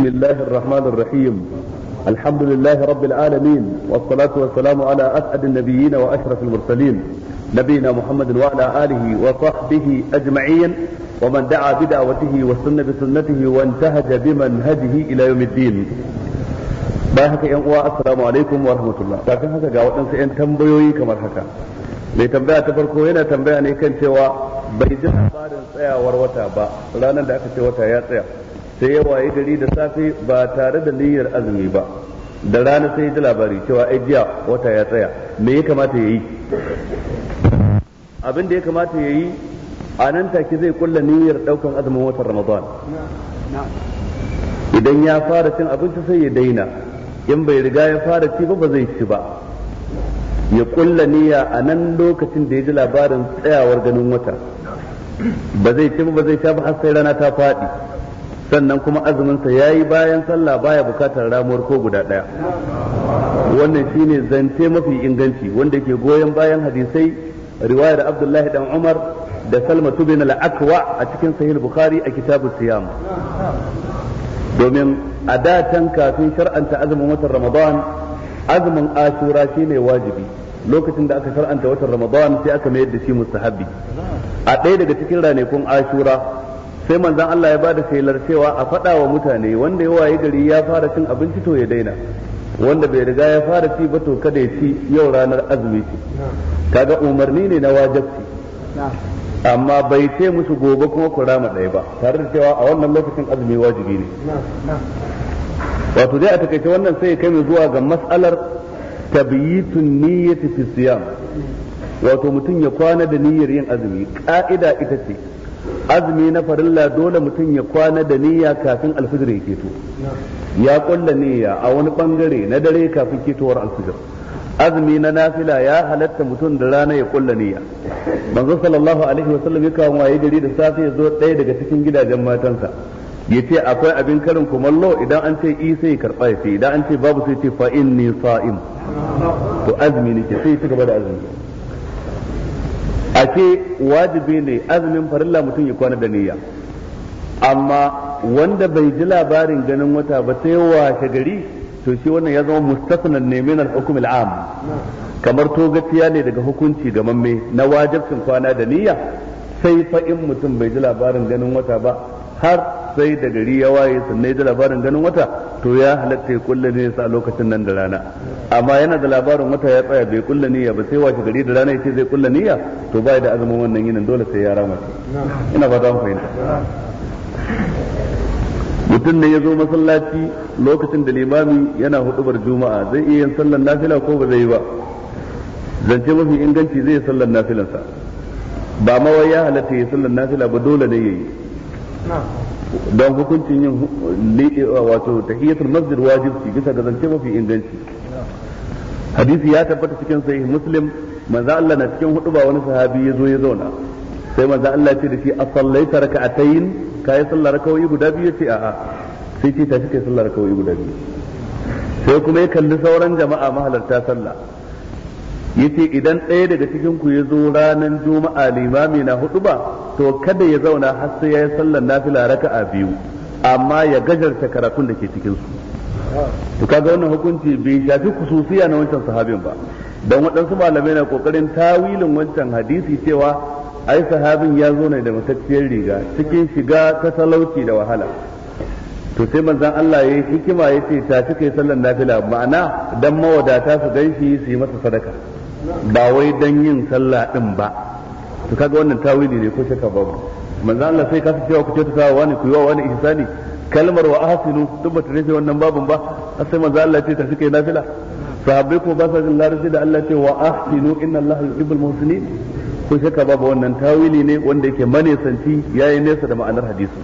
بسم الله الرحمن الرحيم الحمد لله رب العالمين والصلاة والسلام على أسعد النبيين وأشرف المرسلين نبينا محمد وعلى آله وصحبه أجمعين ومن دعا بدعوته وسن بسنته وانتهج بمنهجه إلى يوم الدين باهك ينقوى السلام عليكم ورحمة الله لكن هذا قاوة أن تنبيوي كما الحكا لتنبيع تفركو هنا تنبيعني كنت وبيجن أخبار سيا وروتا با لا نندعك سيوتا يا sai ya waye gari da safe ba tare da niyyar azumi ba da rana sai ya ji labari cewa ai jiya wata ya tsaya me ya kamata ya yi abin da ya kamata ya yi a nan take zai kulla niyyar daukan azumin watan ramadan idan ya fara cin abinci sai ya daina in bai riga ya fara ci ba zai ci ba ya kulla niyya a nan lokacin da ya ji labarin tsayawar ganin wata ba zai ci ba ba zai sha ba har sai rana ta faɗi sannan kuma azuminsa ya yi bayan sallah baya bukatar ramuwar ko guda ɗaya wannan shine zance mafi inganci wanda ke goyon bayan hadisai riwayar abdullahi dan umar da salma tubin al-akwa a cikin sahih bukhari a kitabu siyam domin a da can kafin shar'anta azumin watan ramadan azumin ashura shine wajibi lokacin da aka shar'anta watan ramadan sai aka mayar da shi mustahabi a ɗaya daga cikin ranakun ashura sai manzan Allah ya ba da shelar cewa a faɗa wa mutane wanda ya waye gari ya fara cin abinci to ya daina wanda bai riga ya fara ci ba to kada ya ci yau ranar azumi ce kaga umarni ne na wajabci amma bai ce musu gobe kuma ku rama ɗaya ba tare da cewa a wannan lokacin azumi wajibi ne wato dai a takaice wannan sai kai mu zuwa ga mas'alar tabyitun niyyati fi siyam wato mutum ya kwana da niyyar yin azumi ka'ida ita ce azumi na farilla dole mutum ya kwana da niyya kafin alfijir ya keto ya kulla niyya a wani bangare na dare kafin ketowar alfijir azumi na nafila ya halatta mutum da rana ya kulla niyya manzo sallallahu alaihi wasallam ya kawo waye gari da safe ya zo ɗaya daga cikin gidajen matansa ya ce akwai abin karin kumallo idan an ce i sai karɓa ya ce idan an ce babu sai ce fa inni sa'im to azumi ke sai ci gaba da azumi a ce wajibi ne azumin farilla mutum ya kwana da niyya amma wanda bai ji labarin ganin wata ba sai washe gari to shi wannan ya zama mustasnan ne min al-hukm al-am kamar togaciya ne daga hukunci ga mamme na wajibcin kwana da niyya sai fa in mutum bai ji labarin ganin wata ba har sai da gari ya waye sannan ya ji labarin ganin wata to ya halatta ya kulla ne a lokacin nan da rana amma yana da labarin wata ya tsaya bai kulla niyya ba sai washe gari da rana yace zai kulla niyya to bai da azumin wannan yinin dole sai ya rama ina ba za mu fahimta mutum ne ya zo masallaci lokacin da limami yana hudubar juma'a zai iya yin sallar nafila ko ba zai yi ba zance mafi inganci zai yi sallar nafilansa ba ma ya halatta ya sallar nafila ba dole ne ya yi. don hukuncin yin eh, wato tahiyatul masjid wajibi bisa da zance mafi inganci hadisi ya tabbata cikin sahih muslim manzo Allah na cikin hudu ba wani sahabi ya zo ya zauna sai manzo Allah ce da shi a sallaita ka kai sallar kawai guda biyu ce a'a sai ce ka kai sallar kawai guda biyu sai kuma ya kalli sauran jama'a mahalarta sallah yace idan ɗaya daga cikin ku ya zo ranar juma'a limami na hudu ba to kada ya zauna har sai ya yi sallar nafila raka'a biyu amma ya gajarta karatun da ke cikin su to kaga wannan hukunci bai shafi kususiya na wancan sahabin ba don waɗansu malamai na kokarin tawilin wancan hadisi cewa ai sahabin ya zo ne da matacciyar riga cikin shiga ta talauci da wahala to sai manzon Allah yayi hikima yace ta cika sallar nafila ma'ana dan mawadata su ganshi su yi masa sadaka ba wai dan yin sallah din ba to kaga wannan tawili ne ko shakka babu manzo Allah sai ka cewa ku ta wa wani ku yi wa wani ihsani kalmar wa ahsinu duk ba ta rufe wannan babun ba sai manzo Allah ce ta suke nafila sahabbai ko ba sa jin larabci da Allah ce wa ahsinu inna Allah yuhibbul muhsinin ko shakka babu wannan tawili ne wanda yake manesanci yayi nesa da ma'anar hadisi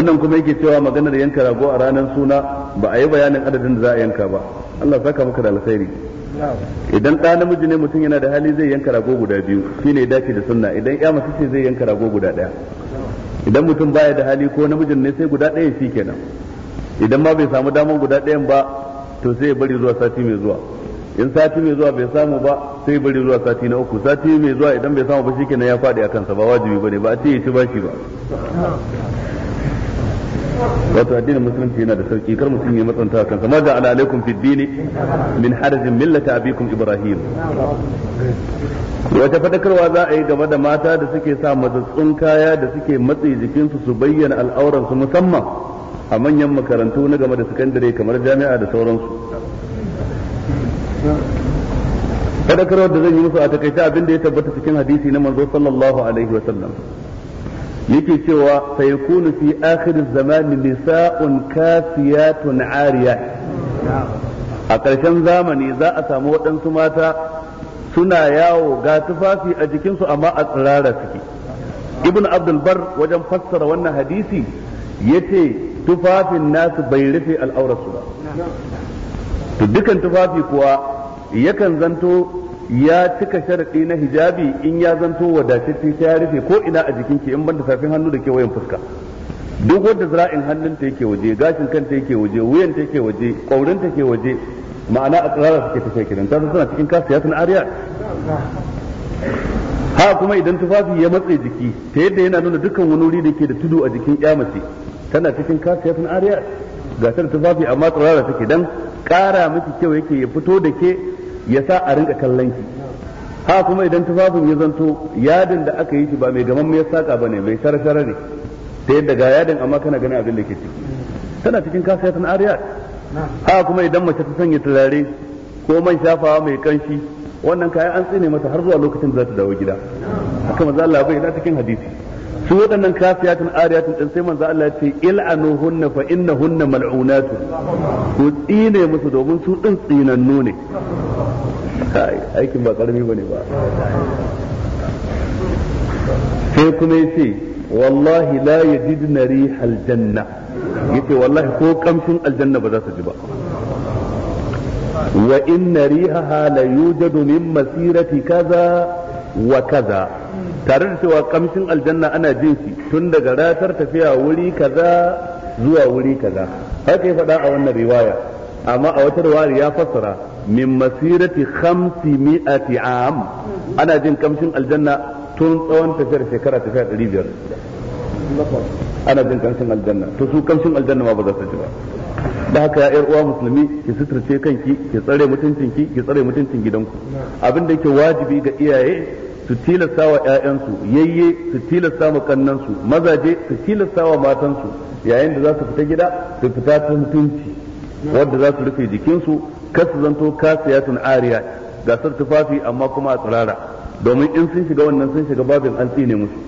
wannan kuma yake cewa maganar yanka rago a ranar suna ba a yi bayanin adadin da za a yanka ba Allah saka maka da alkhairi idan ɗa namiji ne mutum yana da hali zai yanka rago guda biyu shine ya dace da sunna idan ya mace ce zai yanka rago guda ɗaya idan mutum baya da hali ko namijin ne sai guda ɗaya shi kenan idan ma bai samu damar guda ɗayan ba to sai ya bari zuwa sati mai zuwa in sati mai zuwa bai samu ba sai bari zuwa sati na uku sati mai zuwa idan bai samu ba kenan ya faɗi a kansa ba wajibi ba ne ba a ce ya ci bashi ba wato addinin musulunci yana da sauki kar mutum ya matsanta kansa ma ga alaikum fid dini min harajin millata abikum ibrahim wata fadakarwa za a yi game da mata da suke sa matsatsun kaya da suke matsi jikinsu su bayyana al'auransu musamman a manyan makarantu na game da sakandare kamar jami'a da sauransu fadakarwa da zan yi musu a takaita abin da ya tabbata cikin hadisi na manzo sallallahu alaihi wa sallam yake cewa sayakunu fi akhiriz zamani nisa'un kafiyatun ariya a ƙarshen zamani za a samu waɗansu mata suna yawo ga tufafi a jikinsu amma a tsirara suke ibn abdul bar wajen fassara wannan hadisi yace tufafin nasu bai rufe al'aurarsu ba to dukkan tufafi kuwa yakan zanto ya cika sharaɗi na hijabi in ya zanto wadatacce ta ya rufe ko ina a jikinki in banda safin hannu da kewayen fuska duk wanda zira'in hannunta yake waje gashin kanta yake waje wuyanta yake waje ta ke waje ma'ana a tsirara suke tafiya kidan ta suna cikin kasu suna ariya ha kuma idan tufafi ya matse jiki ta yadda yana nuna dukkan wani wuri da ke da tudu a jikin ya mace tana cikin kasu suna ariya gasar tufafi amma tsirara take dan ƙara miki kyau yake ya fito da ke ya sa a rinka kallon ki ha kuma idan tufafin ya zanto yadin da aka yi shi ba mai gaman mai saka bane mai sharashara ne ta yadda ga yadin amma kana ganin abin da ke ciki tana cikin ta ariyat ha kuma idan mace ta sanya turare ko man shafawa mai kanshi wannan kayan an tsine masa har zuwa lokacin da za ta dawo gida haka maza Allah bai ina cikin hadisi su waɗannan kafiyatun ariyatun din sai manzo Allah ya ce il'anuhunna fa innahunna mal'unatun ku tsine musu domin su din tsinannu ne aikin ba karami bane ba sai kuma yace wallahi la yajidna rihal janna yace wallahi ko kamshin aljanna ba za su ji ba wa inna rihaha la yujadu min masirati kaza wa kaza tare da cewa kamshin aljanna ana jin shi tun daga ratar tafiya wuri kaza zuwa wuri kaza haka ya faɗa a wannan riwaya amma a wata riwaya ya fassara min masirati khamsi mi'ati am ana jin kamshin aljanna tun tsawon tafiyar shekara tafiya ɗari biyar ana jin kamshin aljanna to su kamshin aljanna ma ba za su ji ba da haka ya yar uwa musulmi ki suturce kanki ki tsare mutuncinki ki tsare mutuncin gidanku abin da yake wajibi ga iyaye su tilasta wa ‘ya'yansu yayye su tilasta wa kannansu mazaje su tilasta wa matansu yayin da za su fita gida su fita ta mutunci wadda za su rufe jikinsu kar su zanto kasiyatun ariya ga sar tufafi amma kuma a tsirara domin in sun shiga wannan sun shiga babin an tsine musu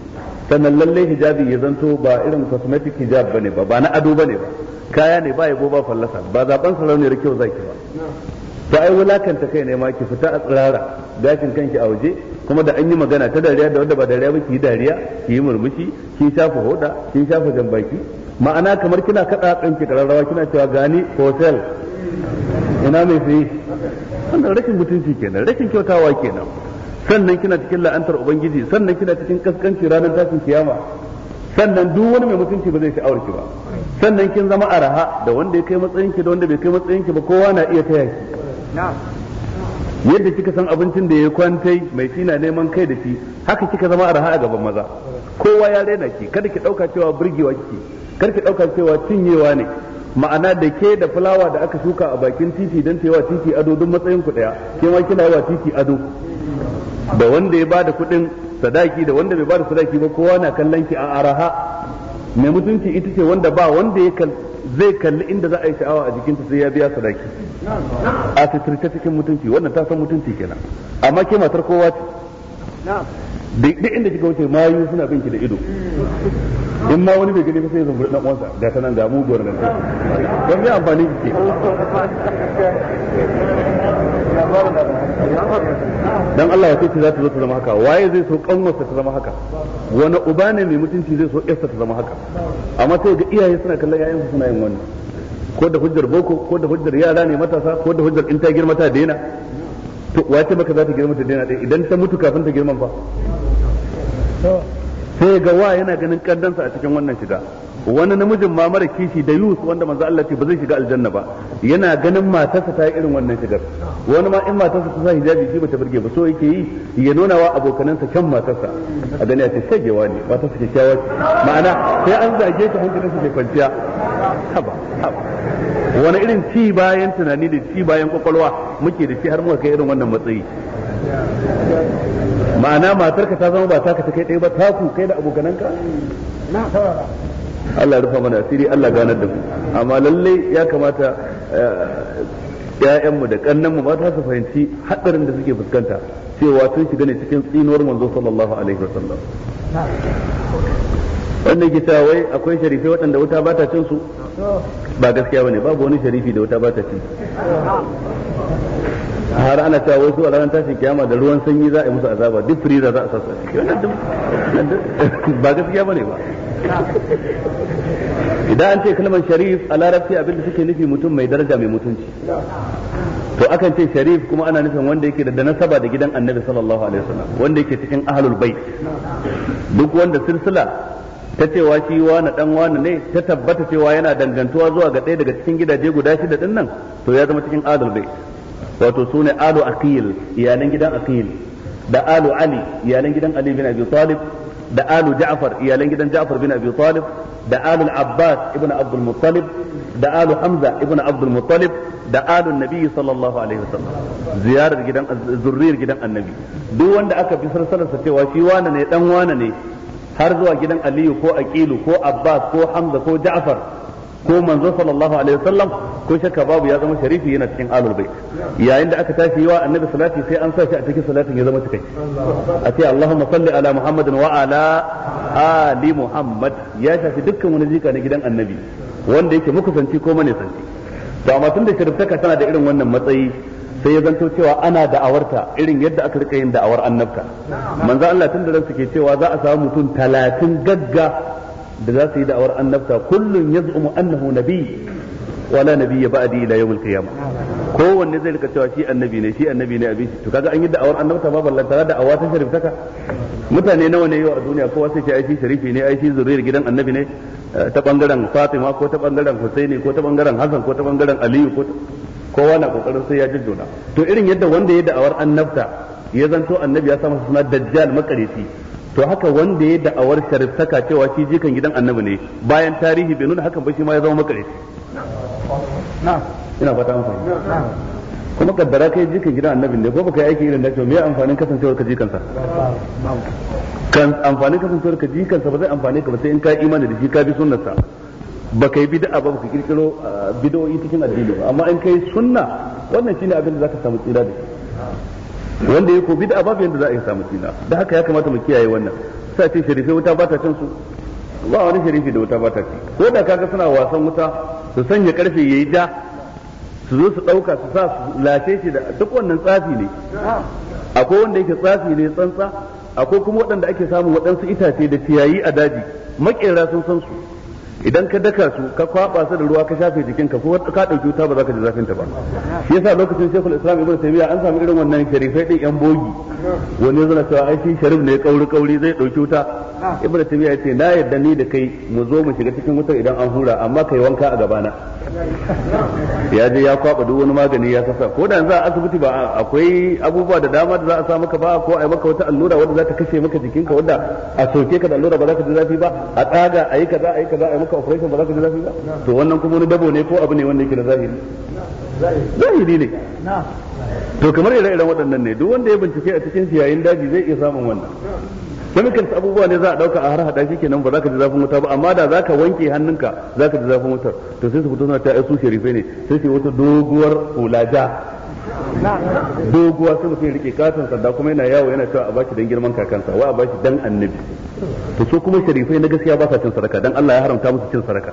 sannan lallai hijabi ya zanto ba irin cosmetic hijab bane ba ba na ado bane ba kaya ne ba yabo ba fallasa ba zaben sarauniyar kyau zaki ba ta ai wulakanta kai ne ma ki fita a tsirara gashin kanki a waje kuma da an yi magana ta dariya da wanda ba dariya ba ki dariya ki yi murmushi ki shafa hoda ki shafa jambaki ma'ana kamar kina kada kanki kararrawa kina cewa gani hotel ina mai sayi wannan rashin mutunci kenan rashin kyautawa kenan sannan kina cikin la'antar ubangiji sannan kina cikin kaskanci ranar tashin kiyama sannan duk wani mai mutunci ba zai sha'awar ki ba sannan kin zama araha da wanda ya kai matsayin ki da wanda bai kai matsayin ki ba kowa na iya taya ki yadda kika san abincin da ya kwantai mai shi neman kai da shi haka kika zama arha a gaban maza kowa ya rena ki kada ki dauka cewa burgewa kike kar ki dauka cewa cinyewa ne ma'ana da ke da fulawa da aka shuka a bakin titi don ta yi wa titi ado don matsayin ku daya ke ma kina yi titi ado da wanda ya bada kuɗin sadaki da wanda bai bada sadaki ba kowa na kallon ki a araha mai mutunci ita ce wanda ba wanda ya zai kalli inda za a yi sha'awa a jikinta sai ya biya sadaki a sitirce cikin mutunci wannan ta san mutunci kenan amma ke matar kowa ce duk inda kika wuce mayu suna binki da ido in ma wani bai gani ba sai zumbur dan uwansa ga ta nan ga mu gowar nan don me amfani kike dan Allah ya ce za ta zo ta zama haka waye zai so kanwarsa ta zama haka wani uba ne mai mutunci zai so yarsa ta zama haka amma sai ga iyaye suna kallon yayansu suna yin wani ko da hujjar boko ko da hujjar yara ne matasa ko da hujjar in ta girma ta daina to wace maka za ta girma ta daina idan ta mutu kafin ta girma fa sai ga wa yana ganin kaddansa a cikin wannan shiga wani namijin ma mara kishi da yus wanda manzo Allah ce ba zai shiga aljanna ba yana ganin matarsa ta yi irin wannan shigar wani ma in matarsa ta sa hijabi shi bata burge ba so yake yi ya nuna wa abokanansa kan matarsa a gani a ce shagewa ne matarsa kyakkyawa ce ma'ana sai an zage ta hankalinsa ke kwanciya haba haba wani irin ci bayan tunani da ci bayan kwakwalwa muke da shi har muka kai irin wannan matsayi ma'ana matarka ta zama ba ta ta kai ɗaya ba ta ku kai da abokananka Allah rufa mana asiri Allah ganar da mu amma lallai ya kamata eh, ƴaƴanmu da ƙannanmu ba ta su fahimci haɗarin da suke fuskanta cewa tun shiga ne cikin tsinuwar manzo sallallahu alaihi wasallam wannan kisa wai akwai sharifi waɗanda wuta ba ta cin su ba gaskiya bane babu wani sharifi da wuta ba ta cin har ana cewa wasu a ranar tashin kiyama da ruwan sanyi za a yi musu azaba duk firiza za a sasa ba gaskiya bane ba idan an ce kalmar sharif a larabci abin da suke nufi mutum mai daraja mai mutunci to akan ce sharif kuma ana nufin wanda yake da nasaba da gidan annabi sallallahu alaihi wasallam wanda yake cikin ahlul bait duk wanda silsila ta cewa shi wani dan wani ne ta tabbata cewa yana dangantuwa zuwa ga ɗaya daga cikin gidaje guda shida din nan to ya zama cikin ahlul bait wato sune alu aqil iyalan gidan aqil da alu ali iyalan gidan ali bin abi talib da alu ja'far iyalan gidan ja'far bin abi talib da alu abbas ibn abdul muttalib da alu hamza ibn abdul muttalib da alu nabi sallallahu alaihi wasallam ziyarar gidan zurriyar gidan annabi duk wanda aka bi sarsalarsa cewa shi wane ne dan wane ne har zuwa gidan aliyu ko aqilu ko abbas ko hamza ko ja'far ko manzo sallallahu alaihi wasallam ko shakka babu ya zama sharifi yana cikin alul bait yayin da aka tashi yawa annabi salati sai an sa shi a cikin salatin ya zama cikai a ce allahumma salli ala muhammadin wa ala ali muhammad ya shafi dukkan wani jika na gidan annabi wanda yake makusanci ko manesanci to amma tun da shiriftaka tana da irin wannan matsayi sai ya zanto cewa ana da'awarta irin yadda aka rika yin da'awar annabta manzo Allah tun da ransa ke cewa za a samu mutum talatin gagga da za su yi da'awar annabta ya yaz'umu annahu nabi wala ya ba'adi ila yawmil kiyama kowanne zai rika cewa shi annabi ne shi annabi ne abin to kaga an yi da'awar annabta ba ballan tara da awa ta taka mutane nawa ne yau a duniya kowa sai ce ai shi sharifi ne ai shi zuriyar gidan annabi ne eh, ta bangaren Fatima ko ta bangaren Husaini ko ta bangaren Hassan ko ta bangaren Aliyu ko kowa na kokarin sai ya jujjuna to irin yadda wanda ya da'awar annabta ya zanto annabi ya sa masa suna dajjal makareci to haka wanda ya da'awar sharifsaka cewa shi jikan gidan annabi ne bayan tarihi bai nuna hakan ba shi ma ya zama makareci ina fata amfani kuma kaddara kai jikan gidan annabi ne ko baka yi aiki irin da cewa me amfanin kasancewar ka jikansa kan amfanin kasancewar ka jikansa ba zai amfane ka ba sai in ka imani da shi ka bi sunnarsa ba kai bid'a ba ka kirkiro ah, bid'o'i cikin addini ba amma in kai sunna wannan shine abin da zaka samu tsira da shi wanda ya ko bid'a babu yanda za a yi samu tsira da haka ya kamata mu kiyaye wannan sai ce sharife wuta ba ta cin su ba wani sharifi da wuta ba ta ci ko da kaga suna wasan wuta su sanya karfe yayi da su zo su dauka su sa su lafe shi da duk wannan tsafi ne akwai wanda yake tsafi ne tsantsa akwai kuma waɗanda ake samu waɗansu itace da ciyayi a daji makera sun san su idan ka daka su ka kwaba su da ruwa ka shafe jikin ka ko ka dauki wuta ba za ka ji zafin ta ba shi yasa lokacin Sheikhul Islam Ibn Taymiyyah an samu irin wannan sharifai din yan bogi wani zana cewa ai shi sharif ne kauri kauri zai dauki wuta ibnu tabiya yace na yadda ni da kai mu zo mu shiga cikin wutar idan an hura amma kai wanka a gabana ya je ya kwaba duk wani magani ya sassa ko da za a asibiti ba akwai abubuwa da dama da za a sa maka ba ko a yi maka wata allura wadda za ta kashe maka jikinka wadda a soke ka da allura ba za ka ji zafi ba a tsaga a yi kaza a yi kaza a yi maka operation ba za ka ji zafi ba to wannan kuma wani dabo ne ko abu ne wanda yake da zahiri zahiri ne to kamar ire-iren waɗannan ne duk wanda ya bincike a cikin yayin daji zai iya samun wannan kemikal abubuwa ne za a dauka a har hada shi kenan ba za ka ji zafin wuta ba amma da za ka wanke hannunka za ka ji zafin wutar to sai su fito suna ta su sharife ne sai su wata doguwar hulaja doguwa sai mutum rike katon sanda kuma yana yawo yana cewa a bashi dan girman kakansa wa a bashi dan annabi to su kuma sharifai na gaskiya ba sa cin saraka dan Allah ya haramta musu cin saraka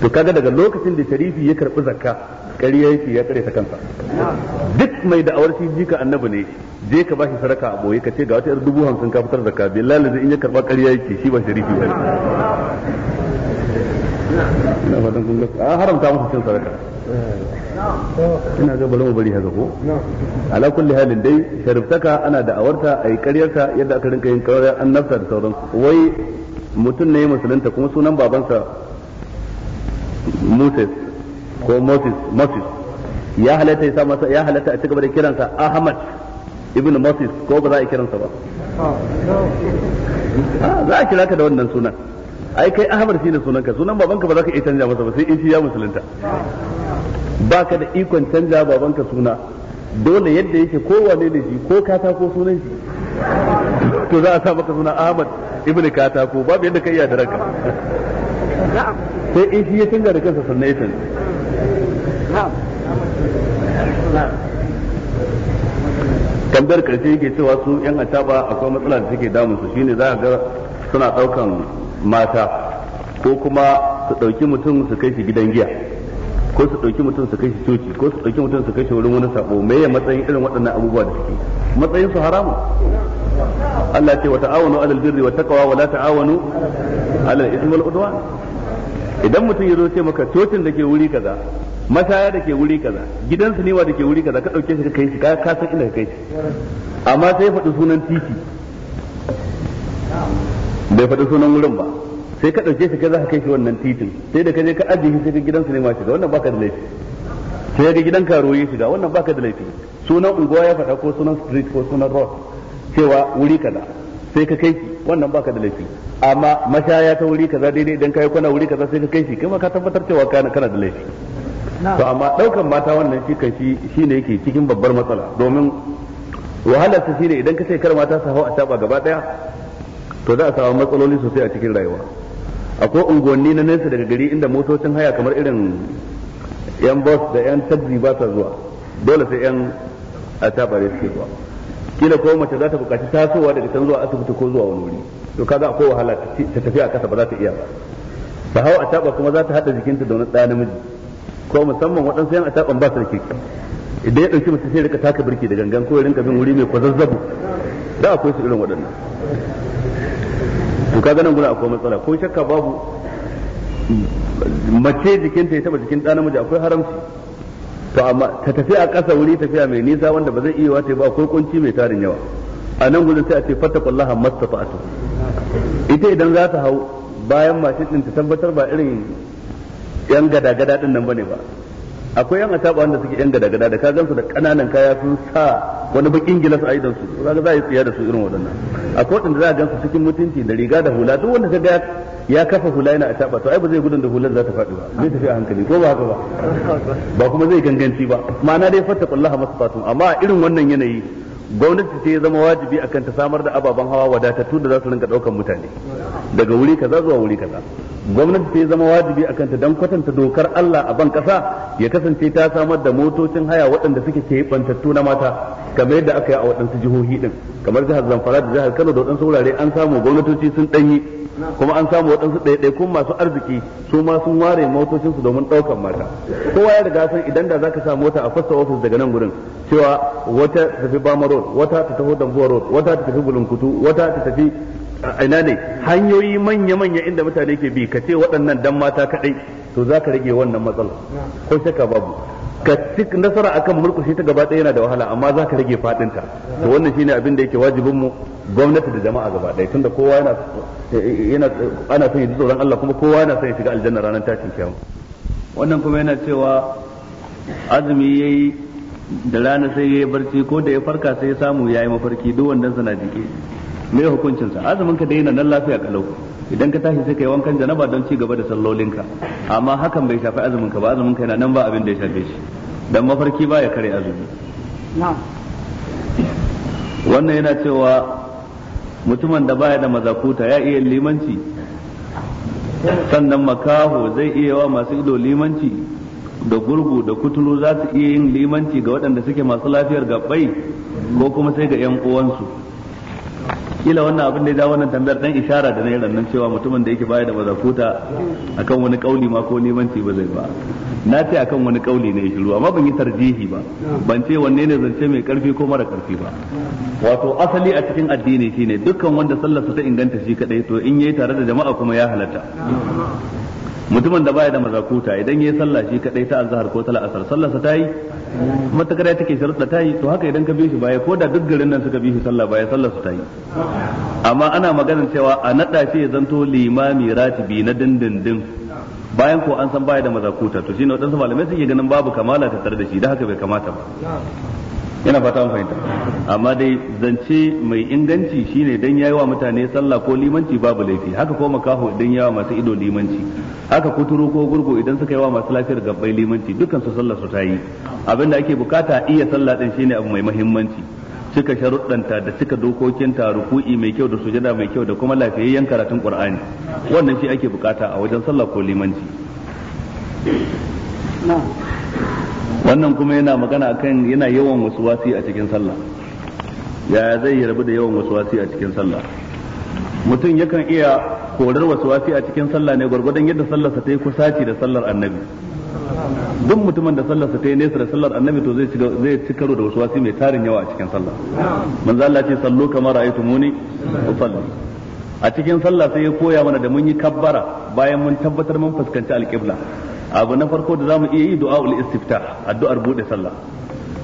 to kaga daga lokacin da sharifi ya karbi zakka kariya yake ya kare ta kansa duk mai da awarci jika annabi ne je ka bashi saraka a boye ka ce ga wata yar dubu hamsin ka fitar zakka billahi zai in ya karba ƙarya yake shi ba sharifi ba ina fatan kun gaskiya haramta musu cin saraka ina ga bari bari haka ko ala kulli halin dai sharftaka ana da'awarta ayi karyarta yadda aka rinka yin karyar annabta da sauran wai mutum ne musulunta kuma sunan babansa Moses ko Moses Moses ya halatta ya masa ya halatta a cigaba da kiransa Ahmad ibn Moses ko ba za a kiransa ba ah, za a kira ka da wannan sunan ai kai Ahmad shine sunanka sunan babanka ba za ka iya canja masa ba sai in shi ya musulunta baka da ikon canza babanka suna dole yadda yake kowane ne shi ko katako sunan shi to za a sa maka suna Ahmad ibn katako babu yadda ka iya da ranka sai in shi ya canza da kansa sannan ya canza tambayar karshe yake cewa su yan ataba akwai matsala da suke damun su shine za ga suna daukan mata ko kuma su dauki mutum su kai shi gidan giya ko su ɗauki mutum su kai shi coci ko su ɗauki mutum su kai shi wurin wani sabo me ya matsayin irin waɗannan abubuwa da suke matsayin su haramu. Allah ce wa ta'awunu alal birri wa taqwa wa la ta'awunu alal ismi wal udwan idan mutum ya zo ce maka cocin da ke wuri kaza mashaya da ke wuri kaza gidan sinewa da ke wuri kaza ka ɗauke shi ka kai shi ka san inda ka kai shi amma sai faɗi sunan titi bai faɗi sunan wurin ba sai ka ɗauke shi kai za ka kai shi wannan titin sai da ka je ka ajiye shi sai ka gidansa ne ma shiga wannan baka da laifi sai ga gidan karo ya shiga wannan baka da laifi sunan unguwa ya faɗa ko sunan street ko sunan road cewa wuri kaza sai ka kai shi wannan baka da laifi amma mashaya ta wuri kaza daidai idan kai kwana wuri kaza sai ka kai shi kai ma ka tabbatar cewa kana kana da laifi to amma daukan mata wannan shi kan shi shine yake cikin babbar matsala domin wahalar ta shine idan ka ce kar mata su hawa a shaba gaba daya to za a samu matsaloli sosai a cikin rayuwa akwai unguwanni na nesa daga gari inda motocin haya kamar irin yan bus da yan taxi ba ta zuwa dole sai yan atabare suke zuwa kila ko mace za ta bukaci tasowa daga can zuwa asibiti ko zuwa wani wuri to kaga akwai wahala ta tafi a kasa ba za ta iya ba ta hau ataba kuma za ta haɗa jikinta da wani ɗaya namiji ko musamman waɗansu yan ataban ba su da kirki idan ya ɗauki mutum sai rika taka birki da gangan ko ya rinka bin wuri mai kwazazzabu da akwai su irin waɗannan to kaga nan guna akwai matsala ko shakka babu mace jikinta ya taba jikin ɗan namiji akwai haramci to amma ta tafi a ƙasa wuri tafiya mai nisa wanda ba zai iya wata ba akwai kunci mai tarin yawa a nan gudun sai a ce fattakullaha mastafa'atu ita idan za ta hau bayan mashin din ta tabbatar ba irin yan gada-gada din nan bane ba akwai yan ataba wanda suke yan gada-gada da ka gansu da kananan kaya sun sa wani bakin gila a aidan su za za yi tsiya da su irin waɗannan akwai da za a gansu cikin mutunci da riga da hula duk wanda ka ga ya kafa hula yana ataba to ai ba zai gudun da hular za ta faɗi ba zai tafi a hankali ko ba haka ba ba kuma zai ganganci ba ma'ana dai masu masfatun amma a irin wannan yanayi gwamnati ce ya zama wajibi akan ta samar da ababen hawa wadatattu da za su rinka ɗaukan mutane daga wuri kaza zuwa wuri kaza gwamnati ta zama wajibi a kanta don kwatanta dokar Allah a ban kasa ya kasance ta samar da motocin haya waɗanda suke ke bantattu na mata kamar yadda aka yi a waɗansu jihohi din kamar jihar Zamfara da jihar Kano da waɗansu wurare an samu gwamnatoci sun ɗanyi kuma an samu waɗansu ɗaiɗaikun masu arziki su ma sun ware motocinsu domin ɗaukar mata kowa ya riga san idan da za ka sa mota a fasta ofis daga nan gurin cewa wata tafi Bama road wata ta taho Dambuwa road wata ta tafi Bulunkutu wata ta tafi ina ne hanyoyi manya-manya inda mutane ke bi ka ce waɗannan dan mata kaɗai to za ka rage wannan matsala ko shaka babu ka cik nasara akan murkushe ta gaba ɗaya yana da wahala amma za ka rage faɗinta to wannan shine abin da yake wajibin mu gwamnati da jama'a gaba ɗaya tunda kowa yana yana ana son ya tsoron Allah kuma kowa yana son ya shiga aljanna ranar tashin kiyama wannan kuma yana cewa azumi yayi da rana sai yayi barci ko da ya farka sai ya samu yayi mafarki duk wannan sana jike me hukuncin sa azumin ka dai yana nan lafiya kalau idan ka tashi sai kai wankan janaba don ci gaba da sallolinka amma hakan bai shafi azumin ka ba azumin ka yana nan ba abin da ya shafe shi dan mafarki ba ya kare azumi wannan yana cewa mutumin da baya da mazakuta ya iya limanci sannan makaho zai iya wa masu ido limanci da gurgu da kutulu za su iya yin limanci ga waɗanda suke masu lafiyar gabbai ko kuma sai ga 'yan uwansu kila wannan abin da ya dawo wannan tambayar dan ishara da yi rannan cewa mutumin da yake baya da mazakuta akan wani kauli ma ko nemanci ba zai ba na ce akan wani kauli ne shiru amma ban yi tarjihi ba ban ce wanne ne zance mai karfi ko mara karfi ba wato asali a cikin addini shine dukkan wanda sallarsa ta inganta shi kadai to in yayi tare da jama'a kuma ya halatta mutumin da baya da mazakuta idan yayi sallah shi kadai ta azhar ko ta la'asar sallar sa tayi matakar take sharuɗa tayi to haka idan ka bi shi baya ko da duk garin nan suka bi shi sallah baya sallar su tayi amma ana maganar cewa a nada shi ya zanto limami ratibi na dindindin bayan ko an san baya da mazakuta to shine wadansu malamai suke ganin babu kamala ta tare da shi da haka bai kamata ba yana fata an fahimta amma dai zance mai inganci shine dan yayiwa mutane sallah ko limanci babu laifi haka ko makaho idan yawa masu ido limanci haka kuturu ko gurgu idan suka yi wa masu lafiyar gabbai limanci dukkan su sallah su ta yi abinda ake bukata iya sallah din shine abu mai muhimmanci cika sharuɗanta da cika ta ruku'i mai kyau da sujada mai kyau da kuma lafiyayyen karatun qur'ani wannan shi ake bukata a wajen sallah ko limanci wannan kuma yana magana akan yana yawan wasi a cikin sallah yaya zai yi rabu da yawan wasi a cikin sallah mutum yakan iya korar wasi a cikin sallah ne gwargwadon yadda sallarsa ta yi kusaci da sallar annabi duk mutumin da sallarsa ta yi nesa da sallar annabi to zai ci karo da wasi mai tarin yawa a cikin sallah manzo Allah ce sallu kamar muni? usalli a cikin sallah sai ya koya mana da mun yi kabbara bayan mun tabbatar mun fuskanci alqibla abu na farko da zamu iya yi du'a ul istiftah addu'ar bude sallah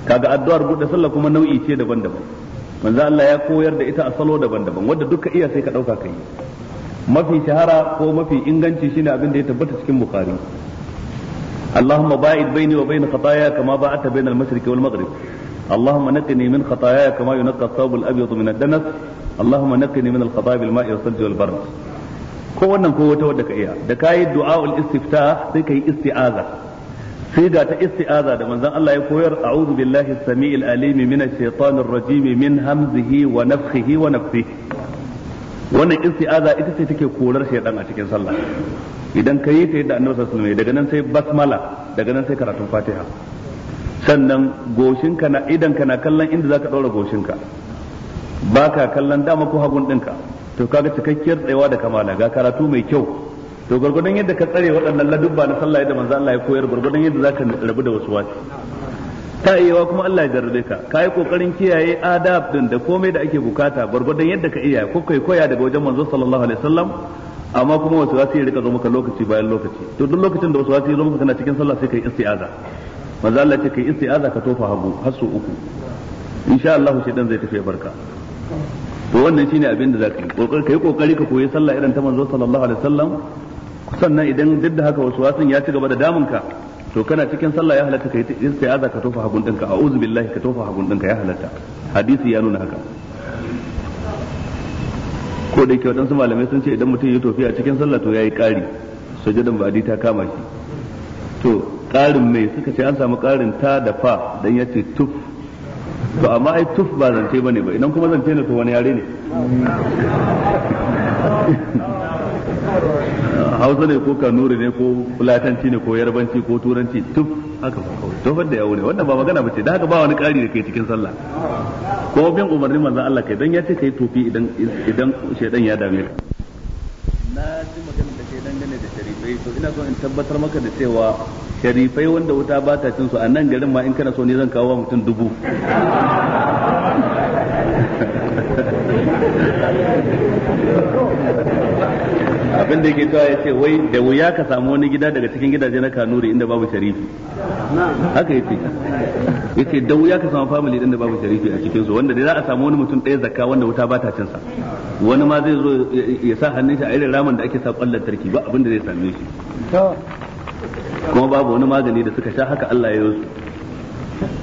kaga addu'ar bude sallah kuma nau'i ce daban-daban manzo Allah ya koyar da ita a salo daban-daban wanda duka iya sai ka dauka kai mafi shahara ko mafi inganci shine abin da ya tabbata cikin bukhari اللهم باعد بيني وبين خطاياي كما باعدت بين المشرق والمغرب اللهم نقني من خطاياي كما ينقى الثوب الابيض من الدنس اللهم نقني من الخطايا بالماء والثلج والبرد ko wannan ko wata wadda ka iya da kayi du'a'ul istifta sai kayi isti'aza sai ga ta isti'aza da manzon Allah ya koyar a'udhu billahi samiil alim minash shaitanir rajim min hamzihi wa nafthihi wa nafthihi wannan isti'aza ita ce take korar shaydan a cikin sallah idan kayi ta yadda annabi sallallahu alaihi wasallam daga nan sai basmala daga nan sai karatun fatiha sannan goshinka na idan kana kallon inda zaka daura goshinka baka kallon dama ko hagun dinka to kaga cikakkiyar tsayawa da kamala ga karatu mai kyau to gurgurdan yadda ka tsare waɗannan ladubba na sallah yadda manzo Allah ya koyar gurgurdan yadda zaka rabu da wasu wasu ta iyawa kuma Allah ya jarrabe ka kai kokarin kiyaye adab din da komai da ake bukata gurgurdan yadda ka iya ko kai koya daga wajen manzo sallallahu alaihi wasallam amma kuma wasu wasu ya rika zo maka lokaci bayan lokaci to duk lokacin da wasu wasu ya zo maka kana cikin sallah sai kai isti'aza manzo Allah ce kai isti'aza ka tofa hagu har uku insha Allah shedan zai tafi barka to wannan shine abin da zaka yi kokari kai kokari ka koyi sallah irin ta manzo sallallahu alaihi wasallam sannan idan duk da haka wasu wasan ya ci gaba da damunka ka to kana cikin sallah ya halatta kai istiaza ka tofa hagun dinka a'udhu billahi ka tofa hagun dinka ya halatta hadisi ya nuna haka ko da yake wadansu malamai sun ce idan mutum ya tofi a cikin sallah to yayi ƙari sujudan ba ta kama shi to ƙarin mai suka ce an samu ƙarin ta da fa dan yace tuf to amma ai tuf ba zance bane ba idan kuma zance ne to wani yare ne hausa ne ko kanuri ne ko fulatanci ne ko yarbanci ko turanci tuf haka ba kawai tofar da yawo ne wannan ba magana bace da haka ba wani ƙari da kai cikin sallah ko bin umarnin manzon Allah kai dan ya ce kai tofi idan idan shedan ya dame ka na ji magana da kai dangane da sharifai to ina so in tabbatar maka da cewa sharifai wanda wuta ba ta cin su a nan garin ma in kana so ne zan kawo mutum dubu abin da yake cewa yace wai da wuya ka samu wani gida daga cikin gidaje na Kanuri inda babu sharifi haka yace yace da wuya ka samu family din da babu sharifi a cikin su wanda dai za a samu wani mutum ɗaya zakka wanda wuta ba ta cin sa wani ma zai zo ya sa hannun shi a irin ramin da ake sa kwallon tarki ba abin da zai same shi kuma babu wani magani da suka sha haka Allah ya yi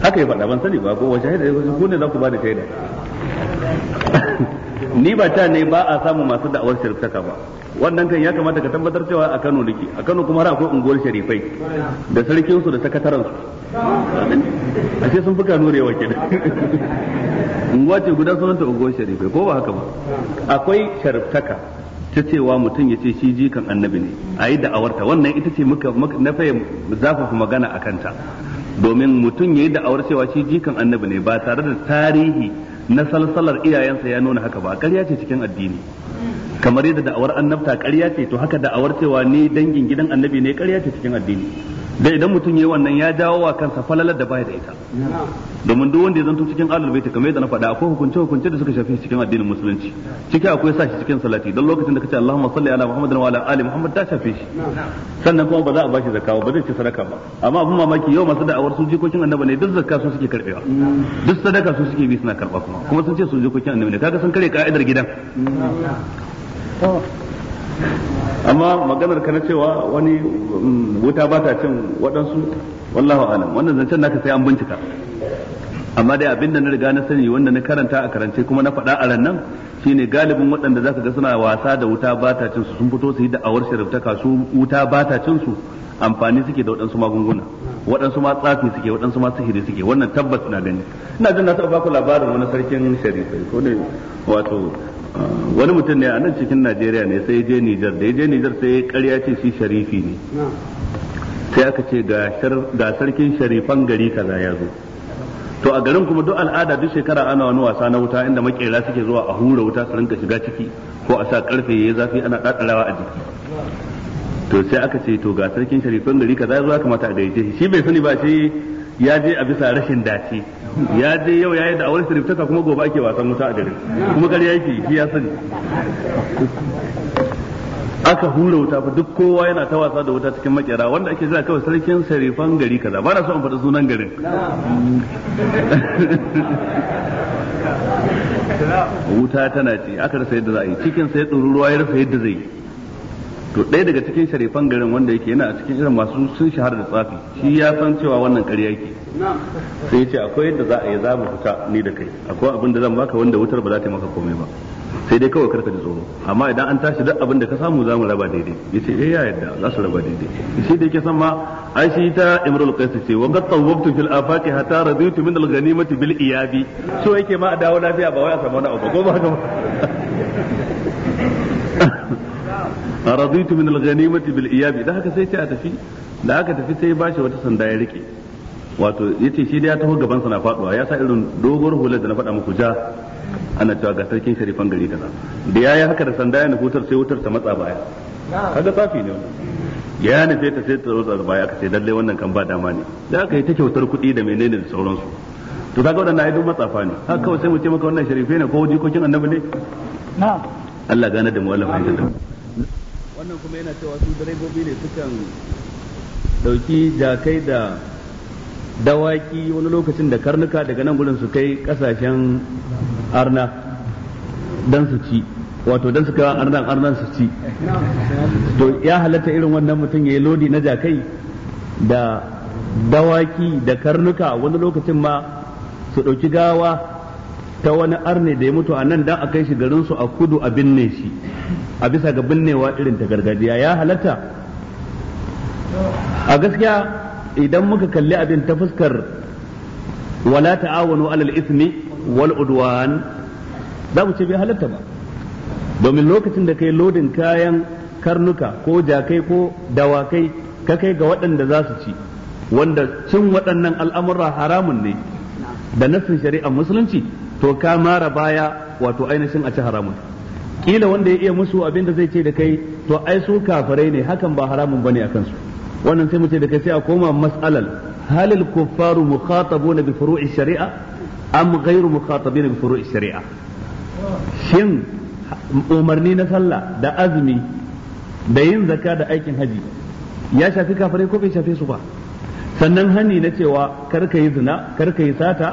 haka ya faɗa ban sani ba ko wa shahida ku ne za ku ba da shaida ni ba ta ne ba a samu masu da'awar shirktaka ba wannan kan ya kamata ka tabbatar cewa a Kano nake a Kano kuma akwai unguwar sharifai da sarkin su da sakataren su ashe sun fi Kano rewa kenan unguwa ce guda ta unguwar sharifai ko ba haka ba akwai sharftaka ta cewa mutum ya ce shi jikan annabi ne a yi da'awarta wannan ita ce muka na fahim zafafa magana a kanta domin mutum ya yi da'awar cewa shi jikan annabi ne ba tare da tarihi na salsalar iyayensa ya nuna haka ba karya ce cikin addini kamar yadda da'awar annabta ƙarya ce to haka da'awar cewa ni dangin gidan annabi ne karya ce cikin addini dai idan mutum yayi wannan ya dawo wa kansa falalar da baya da ita domin duk wanda ya zanto cikin bai baiti kamar yadda na faɗa akwai hukunce hukunce da suka shafi cikin addinin musulunci ciki akwai sa shi cikin salati don lokacin da kace Allahumma salli ala Muhammadin wa ala ali Muhammad ta shafe shi sannan kuma ba za a bashi zakka ba zai ci sadaka ba amma abun mamaki yau masu da'awar ji jikokin annabi ne duk zakka su suke karbewa duk sadaka su suke bi suna karba kuma kuma sun ce su jikokin annabi ne kaga sun kare ka'idar gidan amma maganar ka na cewa wani mm, wuta ba ta cin waɗansu wallahu alam wannan zancen naka sai an bincika amma dai abinda na riga na sani wanda na karanta a karance kuma na faɗa a rannan shine galibin waɗanda zaka ga suna wasa da wuta ba ta cin su sun fito su yi da awar shirftaka su wuta ba ta cin su amfani suke da waɗansu magunguna waɗansu ma tsafi suke waɗansu ma sihiri suke wannan tabbas na gani ina jin na taɓa baku labarin wani sarkin sharifai ko ne wato wani mutum ne a nan cikin najeriya ne sai je nijar da ya je nijar sai karya ce shi sharifi ne sai aka ce ga sarkin sharifan gari kaza ya zo to a garin kuma duk al'ada duk shekara ana wani wasa na wuta inda makera suke zuwa a hura wuta su rinka shiga ciki ko a sa karfe ya zafi ana dadarawa a jiki to sai aka ce to ga sarkin sharifan gari kaza ya zo ya kamata a gaije shi bai sani ba shi ya je a bisa rashin dace ya je yau yayi da awar sirrifta kuma gobe ake wasan wuta a dare kuma ya yake shi ya sani aka hura wuta fa duk kowa yana ta wasa da wuta cikin makera wanda ake jira kawai sarkin sarifan gari kaza ba na so in faɗi sunan garin wuta tana ce aka rasa yadda za a yi cikin sai ɗoruruwa ya rufe yadda zai yi to ɗaya daga cikin sharifan garin wanda yake yana a cikin irin masu sun shahara da tsafi shi ya san cewa wannan ƙarya yake sai ce akwai yadda za a yi za mu fita ni da kai akwai abin da zan baka wanda wutar ba za ta yi maka komai ba sai dai kawai karka ji tsoro amma idan an tashi duk abin da ka samu za mu raba daidai ce eh ya yadda za su raba daidai shi da yake san ma ai shi ta imrul qais ce wa qad tawwabtu fil afaqi hatta raditu min al ghanimati bil iyabi so yake ma a dawo lafiya ba wai a samu wani abu ko ba haka ba raditu min al-ghanimati bil iyabi da haka sai ce a tafi da aka tafi sai ba shi wata sanda ya rike wato yace shi da ya taho gaban sa na faduwa ya sa irin doguwar hular da na faɗa muku ja ana cewa ga sarkin sharifan gari kaza da yayi haka da sanda ya nufi wutar sai wutar ta matsa baya kaga tsafi ne ya nufe ta sai ta rotsa baya aka ce lalle wannan kan ba dama ne da aka yi ta kyautar kuɗi da menene da sauransu to kaga wadannan ai duk matsafa ne haka kawai sai mu ce maka wannan sharife ne ko jikokin annabi ne na'am Allah gane da mu Allah fahimta da wannan kuma yana cewa su direbobi ne sukan dauki jakai da dawaki wani lokacin da karnuka daga nan gudun su kai kasashen arna don su ci wato don su kai arnan arnan su ci to ya halatta irin wannan mutum ya yi lodi na jakai da dawaki da karnuka wani lokacin ma su ɗauki gawa ta wani arne da ya mutu a nan da a kai shi garin su a kudu a binne shi a bisa ga binnewa irin ta gargajiya ya halatta a gaskiya idan muka kalli abin ta fuskar wala ta'awanu alal ismi wal udwan za mu ce bai halatta ba domin lokacin da kai lodin kayan karnuka ko jakai ko dawakai ka kai ga waɗanda za su ci wanda cin waɗannan al'amura haramun ne da nassin shari'ar musulunci to ka mara baya wato ainihin a ci haramun kila wanda ya iya musu abin da zai ce da kai to ai su kafirai ne hakan ba haramun bane akan su wannan sai mu ce da kai sai a koma mas'alal halil kuffaru mukhatabun bi furu'i shari'a am ghayru mukhatabin bi furu'i shari'a shin umarni na sallah da azumi da yin zakka da aikin haji ya shafi kafirai ko bai shafe su ba sannan hani na cewa karka yi zina karka yi sata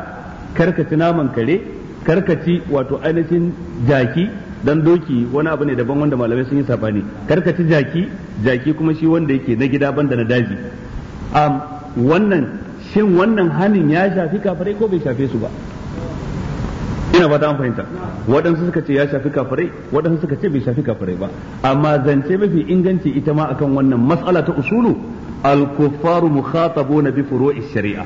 karka ci naman kare karkaci wato ainihin jaki dan doki wani abu ne daban wanda malamai sun yi sabani karkaci jaki jaki kuma shi wanda yake na gida banda na daji um, wannan shin wannan hanin ya shafi kafirai ko bai shafe su ba ina ba an fahimta waɗansu suka ce ya shafi kafirai waɗansu suka ce bai shafi kafirai ba amma zance mafi inganci ita ma akan wannan matsala ta usulu al-kuffaru mukhatabuna bi furu'i shari'a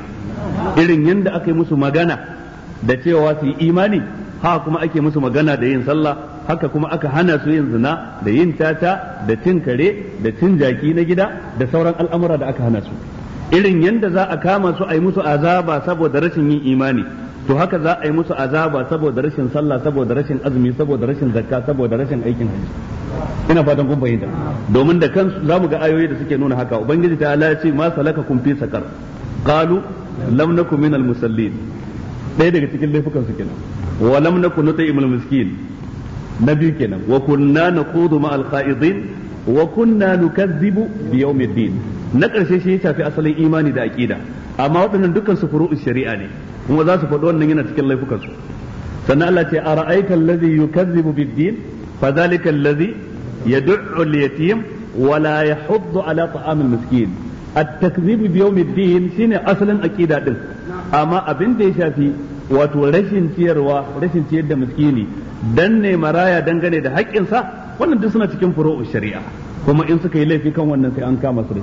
irin yanda aka yi musu magana da cewa su yi imani haka kuma ake musu magana da yin sallah haka kuma aka hana su yin zina da yin tata da cin kare da cin jaki na gida da sauran al'amura da aka hana su irin yadda za a kama su a yi musu azaba saboda rashin yin imani to haka za a yi musu azaba saboda rashin sallah saboda rashin azumi saboda rashin zakka saboda rashin aikin hajji ina fatan kun fahimta domin da kansu za mu ga ayoyi da suke nuna haka ubangiji ta ya ce ma salaka kun fi sakar qalu lam nakum min musallin ɗaya daga cikin laifukan su kenan wa lam nakun nut'imul miskin na biyu kenan wa kunna naqudu ma al qa'idin wa kunna nukazzibu bi yawmiddin na ƙarshe shi ya shafi asalin imani da aqida amma waɗannan dukkan su furu'u shari'a ne kuma za su faɗo wannan yana cikin laifukan su sannan Allah ce ara'aita allazi yukazzibu bid-din fadhalika allazi yad'u al-yatim wa la yahuddu ala ta'amil miskin at-takdhib bi yawm din shine asalin aqida din amma abin da ya shafi wato rashin ciyarwa rashin ciyar da miskini ne maraya dangane da haƙƙinsa wannan duk suna cikin furu'u shari'a kuma in suka yi laifi kan wannan sai an kama su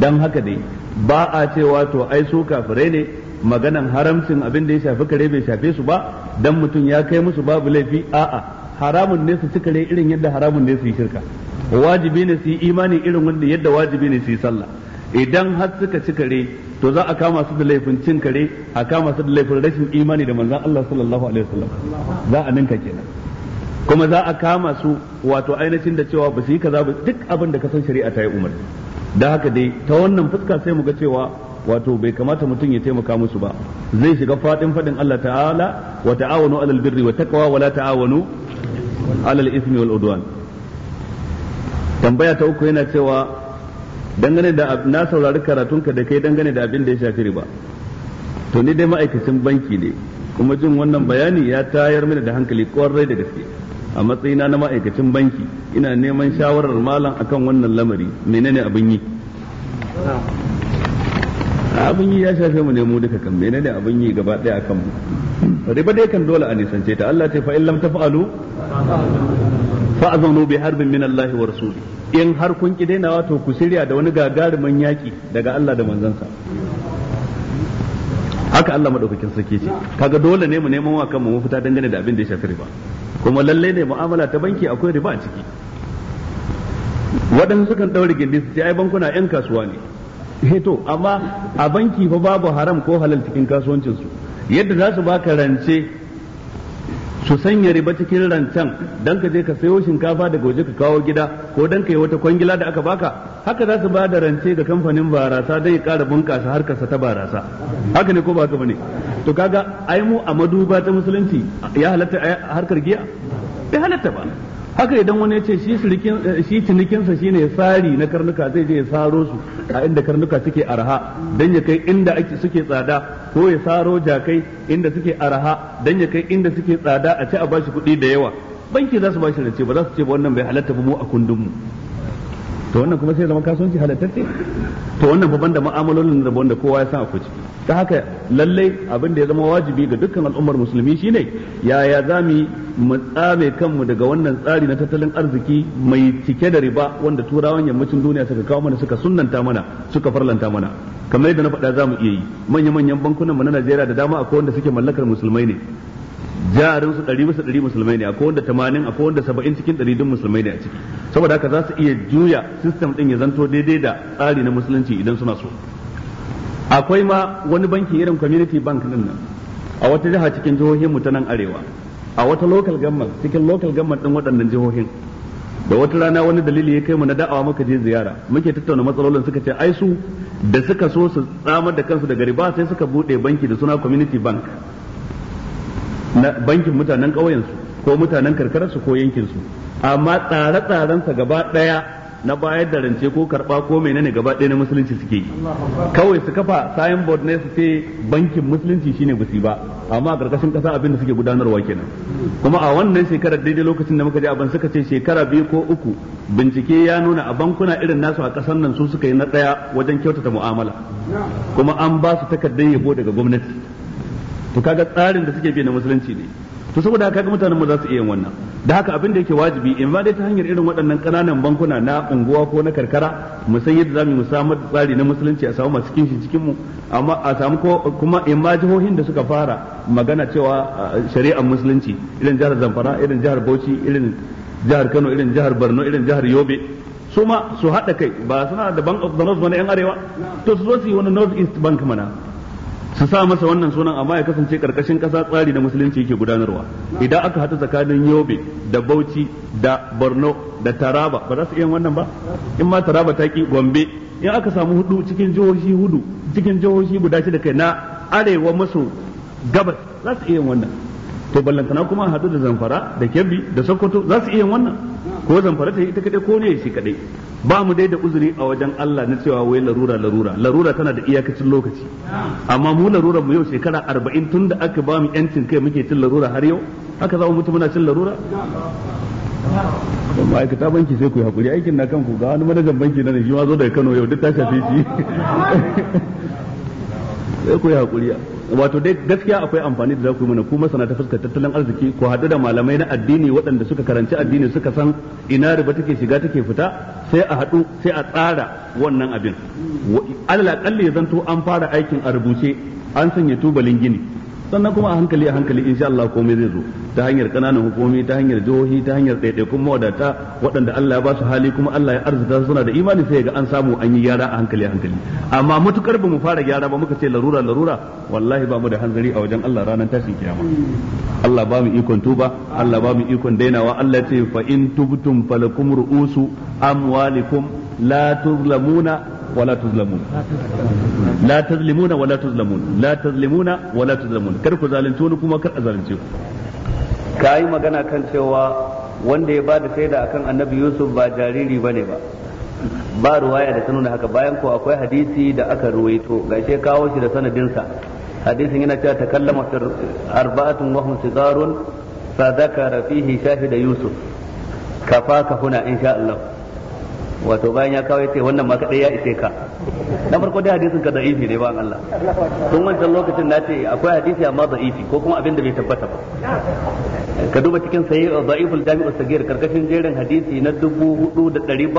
dan haka dai ba a cewa to ai su kafirai ne maganan haramcin abin da ya shafi kare bai shafe su ba dan mutum ya kai musu babu laifi a'a haramun ne su kare irin yadda haramun ne su yi shirka wajibi ne su yi imani irin wanda yadda wajibi ne su yi sallah idan har suka ci kare to za a kama su da laifin cin kare a kama su da laifin rashin imani da manzon Allah sallallahu alaihi wasallam za a ninka kenan kuma za a kama su wato ainihin da cewa ba su yi kaza ba duk abin da ka san shari'a ta yi umarni da haka dai ta wannan fuska sai mu ga cewa wato bai kamata mutum ya taimaka musu ba zai shiga fadin fadin Allah ta'ala wa ta'awanu alal birri wa taqwa wa la ta'awanu alal ismi wal udwan tambaya ta uku yana cewa dangane da na saurari karatunka da kai dangane da abin da ya shafi riba to ni dai ma'aikacin banki ne kuma jin wannan bayani ya tayar mini da hankali kwarai da gaske a matsayina na ma'aikacin banki ina neman shawarar malam akan wannan lamari menene abin yi abin yi ya shafe mu ne mu duka kan menene abin yi gaba daya akan mu riba dai kan dole a nisance ta Allah ce fa in lam taf'alu fa'zanu bi harbin min Allah wa rasuli in har kun ki daina wato ku shirya da wani gagarumin yaki daga Allah da manzansa haka Allah madaukakin sarki ce kaga dole ne mu neman wa kanmu mu fita dangane da abin da ya shafi riba kuma lalle ne mu'amala ta banki akwai riba a ciki waɗansu sukan ɗaure gindi su ce ai bankuna 'yan kasuwa ne eh to amma a banki fa babu haram ko halal cikin kasuwancinsu yadda za su baka rance su sanya riba cikin rancen dan ka je ka sayo shinkafa daga waje ka kawo gida ko dan ka yi wata kwangila da aka baka haka za su ba da rance ga kamfanin barasa don ya bunkasa bunƙasa harkarsa ta barasa haka ne ko ba haka bane to kaga ai mu a maduba ta musulunci ya halatta harkar giya bai halatta ba haka idan wani ya ce shi eh, cinikinsa shi ne sari na karnuka zai je ya saro su a inda karnuka suke arha don ya kai inda suke tsada ko ya saro jakai inda suke arha don ya kai inda suke tsada a ci a bashi kuɗi da yawa banki za su bashi rance ba za su ce wannan bai halatta ba mu a kundin mu to wannan kuma sai zama kasuwanci halattacce to wannan babban da mu'amalolin da wanda kowa ya san a kuci ta haka lallai abin da ya zama wajibi ga dukkan al'ummar musulmi shine yaya za mu tsame kanmu daga wannan tsari na tattalin arziki mai cike da riba wanda turawan yammacin duniya suka kawo mana suka sunnanta mana suka farlanta mana kamar yadda na faɗa za mu iya yi manya-manyan bankunan mu na Najeriya da dama akwai wanda suke mallakar musulmai ne jarin su ɗari bisa ɗari musulmai ne a kowanda tamanin a kowanda saba'in cikin ɗari duk musulmai ne a ciki saboda haka za su iya juya system ɗin ya zanto daidai da tsari na musulunci idan suna so akwai ma wani banki irin community bank ɗin nan a wata jiha cikin jihohin mu ta nan arewa a wata local government cikin local government ɗin waɗannan jihohin da wata rana wani dalili ya kai mu na da'awa muka je ziyara muke tattauna matsalolin suka ce ai su da suka so su tsamar da kansu daga riba sai suka buɗe banki da suna community bank na bankin mutanen ƙauyensu ko mutanen karkararsu ko yankinsu amma tsare-tsarensa gaba ɗaya na bayar da rance ko karba ko menene gaba ɗaya na musulunci suke yi kawai su kafa sayan board ne su ce bankin musulunci shine busi ba amma a ƙarƙashin ƙasa abin da suke gudanarwa kenan kuma a wannan shekarar daidai lokacin da muka je abin suka ce shekara biyu ko uku bincike ya nuna a bankuna irin nasu a ƙasar nan su suka yi na ɗaya wajen kyautata mu'amala kuma an ba su takardar yabo daga gwamnati to kaga tsarin da suke bi na musulunci ne to saboda haka kaga mutanen mu za su iya yin wannan da haka abin da yake wajibi in ba dai ta hanyar irin waɗannan ƙananan bankuna na unguwa ko na karkara mu san yadda zamu samar da tsari na musulunci a samu masu kinshi cikin mu amma a samu ko kuma in ma jihohin da suka fara magana cewa shari'ar musulunci irin jihar Zamfara irin jihar Bauchi irin jihar Kano irin jihar Borno irin jihar Yobe su ma su haɗa kai ba suna da bank of the north wani yan arewa to su zo su yi wani north east bank mana su sa masa wannan sunan amma ya kasance karkashin kasa tsari da musulunci yake gudanarwa idan aka haɗu tsakanin yobe da bauchi da borno da taraba ba za su iya wannan ba in ma taraba ta ki gombe in aka samu hudu cikin jihohi hudu cikin jihohi guda shida kai na arewa maso gabas za su iya wannan to ballantana kuma hadu da zamfara da kebbi da sokoto za su iya wannan ko zamfara ta yi ita kadai ko ne shi kaɗai ba mu dai da uzuri a wajen Allah na cewa wai larura larura larura tana da iyakacin lokaci amma mu larura mu yau shekara arba'in tun da aka ba mu yancin kai muke cin larura har yau haka za mu mutu muna cin larura ma'aikata banki sai ku yi hakuri aikin na kanku ga wani manajan banki na shi ma zo daga Kano yau duk ta shafe shi sai ku yi hakuri wato dai gaskiya akwai amfani da za ku yi mana ku masana ta fuskar tattalin arziki ko haɗu da malamai na addini waɗanda suka karanci addini suka san ina riba take shiga take fita sai a haɗu sai a tsara wannan abin alal ya zanto an fara aikin a rubuce an sanya tubalin gini sannan kuma a hankali a hankali insha Allah komai zai zo ta hanyar kananan hukumomi ta hanyar jihohi ta hanyar ɗaiɗaikun mawadata waɗanda Allah ya ba su hali kuma Allah ya arzuta suna da imani sai ga an samu an yi gyara a hankali a hankali amma mutukar ba mu fara gyara ba muka ce larura larura wallahi ba mu da hanzari a wajen Allah ranar tashin kiyama Allah ba mu ikon tuba Allah ba mu ikon dainawa Allah ce fa in tubtum falakum ru'usu amwalikum la tuzlamuna wala tuzlamun la tazlimuna wala tuzlamun la tazlimuna wala tuzlamun kar ku zalunci wani kuma kar a ku ka magana kan cewa wanda ya bada shaida akan annabi yusuf ba jariri bane ba ba ruwaya da sanuna haka bayan ko akwai hadisi da aka ruwaito gashi kawo shi da sanadinsa hadisin yana cewa takallama arba'atun wa hum sigarun fa zakara fihi shahida yusuf kafaka huna insha Allah wato bayan ya kawo yace wannan ma kadai ya ishe ka na farko dai hadisin ka da'ifi ne ba Allah tun wancan lokacin na ce akwai hadisi amma da'ifi ko kuma abin da bai tabbata ba ka duba cikin sayi da'iful jami'u sagir karkashin jerin hadisi na 4759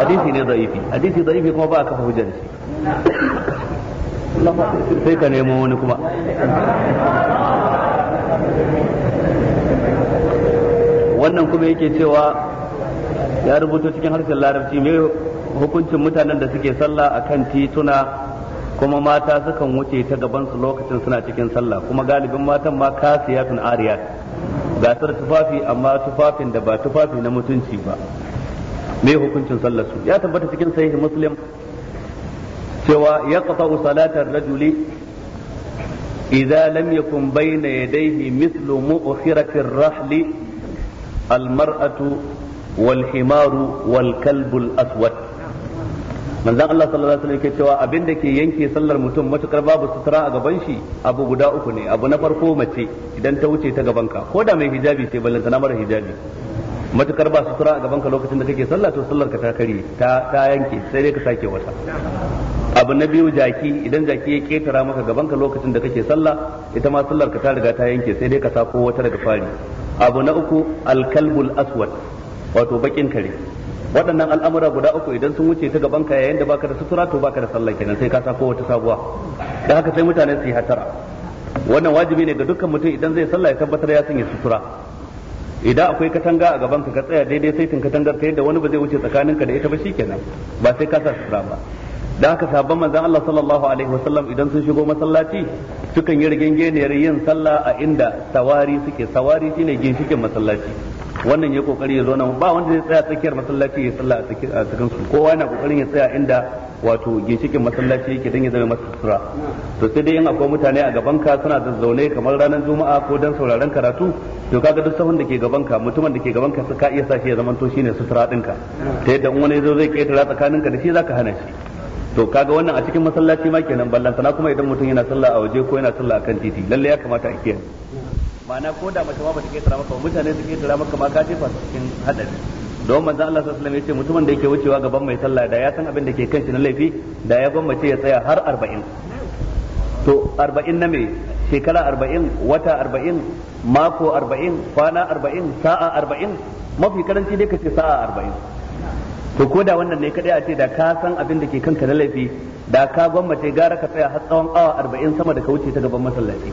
hadisi ne da'ifi hadisi da'ifi kuma ba a kafa hujjar shi sai ka nemo wani kuma wannan kuma yake cewa ya rubuto cikin harshen larabci mai hukuncin mutanen da suke sallah a kan tituna kuma mata sukan wuce ta gabansu lokacin suna cikin sallah kuma galibin matan ma kasiyatun ariyat gasar tufafi amma tufafin da ba tufafi na mutunci ba mai hukuncin sallah su ya tabbata cikin sahih muslim cewa ya qata'u salatar rajuli idan lam yakun bayna yadayhi mithlu mu'khiratir rahli al mar'atu wal himaru wal kalbul aswad manzon Allah sallallahu alaihi wasallam cewa abin da ke yanke sallar mutum matukar babu sutura a gaban shi abu guda uku ne abu na farko mace idan ta wuce ta gaban ka mai hijabi ce ballanta na mara hijabi matukar ba sutura a gaban ka lokacin da kake sallah abu na biyu jaki idan jaki ya ketara maka gaban ka lokacin da kake sallah ita ma sallar ka ta riga ta yanke sai dai ka sako wata daga fari abu na uku alkalbul aswad wato bakin kare waɗannan al'amura guda uku idan sun wuce ta gaban ka yayin da baka da sutura to baka da sallah kenan sai ka sako wata sabuwa da haka sai mutane su yi hatara wannan wajibi ne ga dukkan mutum idan zai sallah ya tabbatar ya sanya sutura idan akwai katanga a gaban ka ka tsaya daidai sai tun katangar ta yadda wani ba zai wuce tsakanin ka da ita ba shikenan ba sai ka sa sutura ba da haka sabon manzon Allah sallallahu alaihi wasallam idan sun shigo masallaci sukan yi rigingeniyar yin sallah a inda sawari suke sawari shine ginshikin masallaci wannan ya kokari ya zo nan ba wanda zai tsaya tsakiyar masallaci ya salla a cikin su kowa yana kokarin ya tsaya inda wato ginshikin masallaci yake dan ya zama masa sutura to sai dai in akwai mutane a gaban ka suna zaune kamar ranar juma'a ko dan sauraron karatu to kaga duk sahun da ke gaban ka mutumin da ke gaban ka ka iya sa shi ya zama to shine sutura dinka ta yadda in wani zo zai tsakanin tsakaninka da shi zaka hana shi to kaga wannan a cikin masallaci ma kenan ballantana kuma idan mutum yana sallah a waje ko yana sallah akan titi lalle ya kamata a kiyaye ma'ana ko da mace ma ba bata ketara maka mutane su ketara maka ma ka jefa cikin hadari don manzo Allah sallallahu alaihi wasallam yace mutumin da yake wucewa gaban mai sallah da ya san abin da ke kan shi na laifi da ya gwammace ya tsaya har 40 to 40 na me shekara 40 wata 40 mako 40 kwana 40 sa'a 40 mafi karanci dai kace sa'a 40 to ko da wannan ne kadai a ce da ka san abin da ke kanka na laifi da ka gwammace gara ka tsaya har tsawon awa 40 sama da ka wuce ta gaban masallaci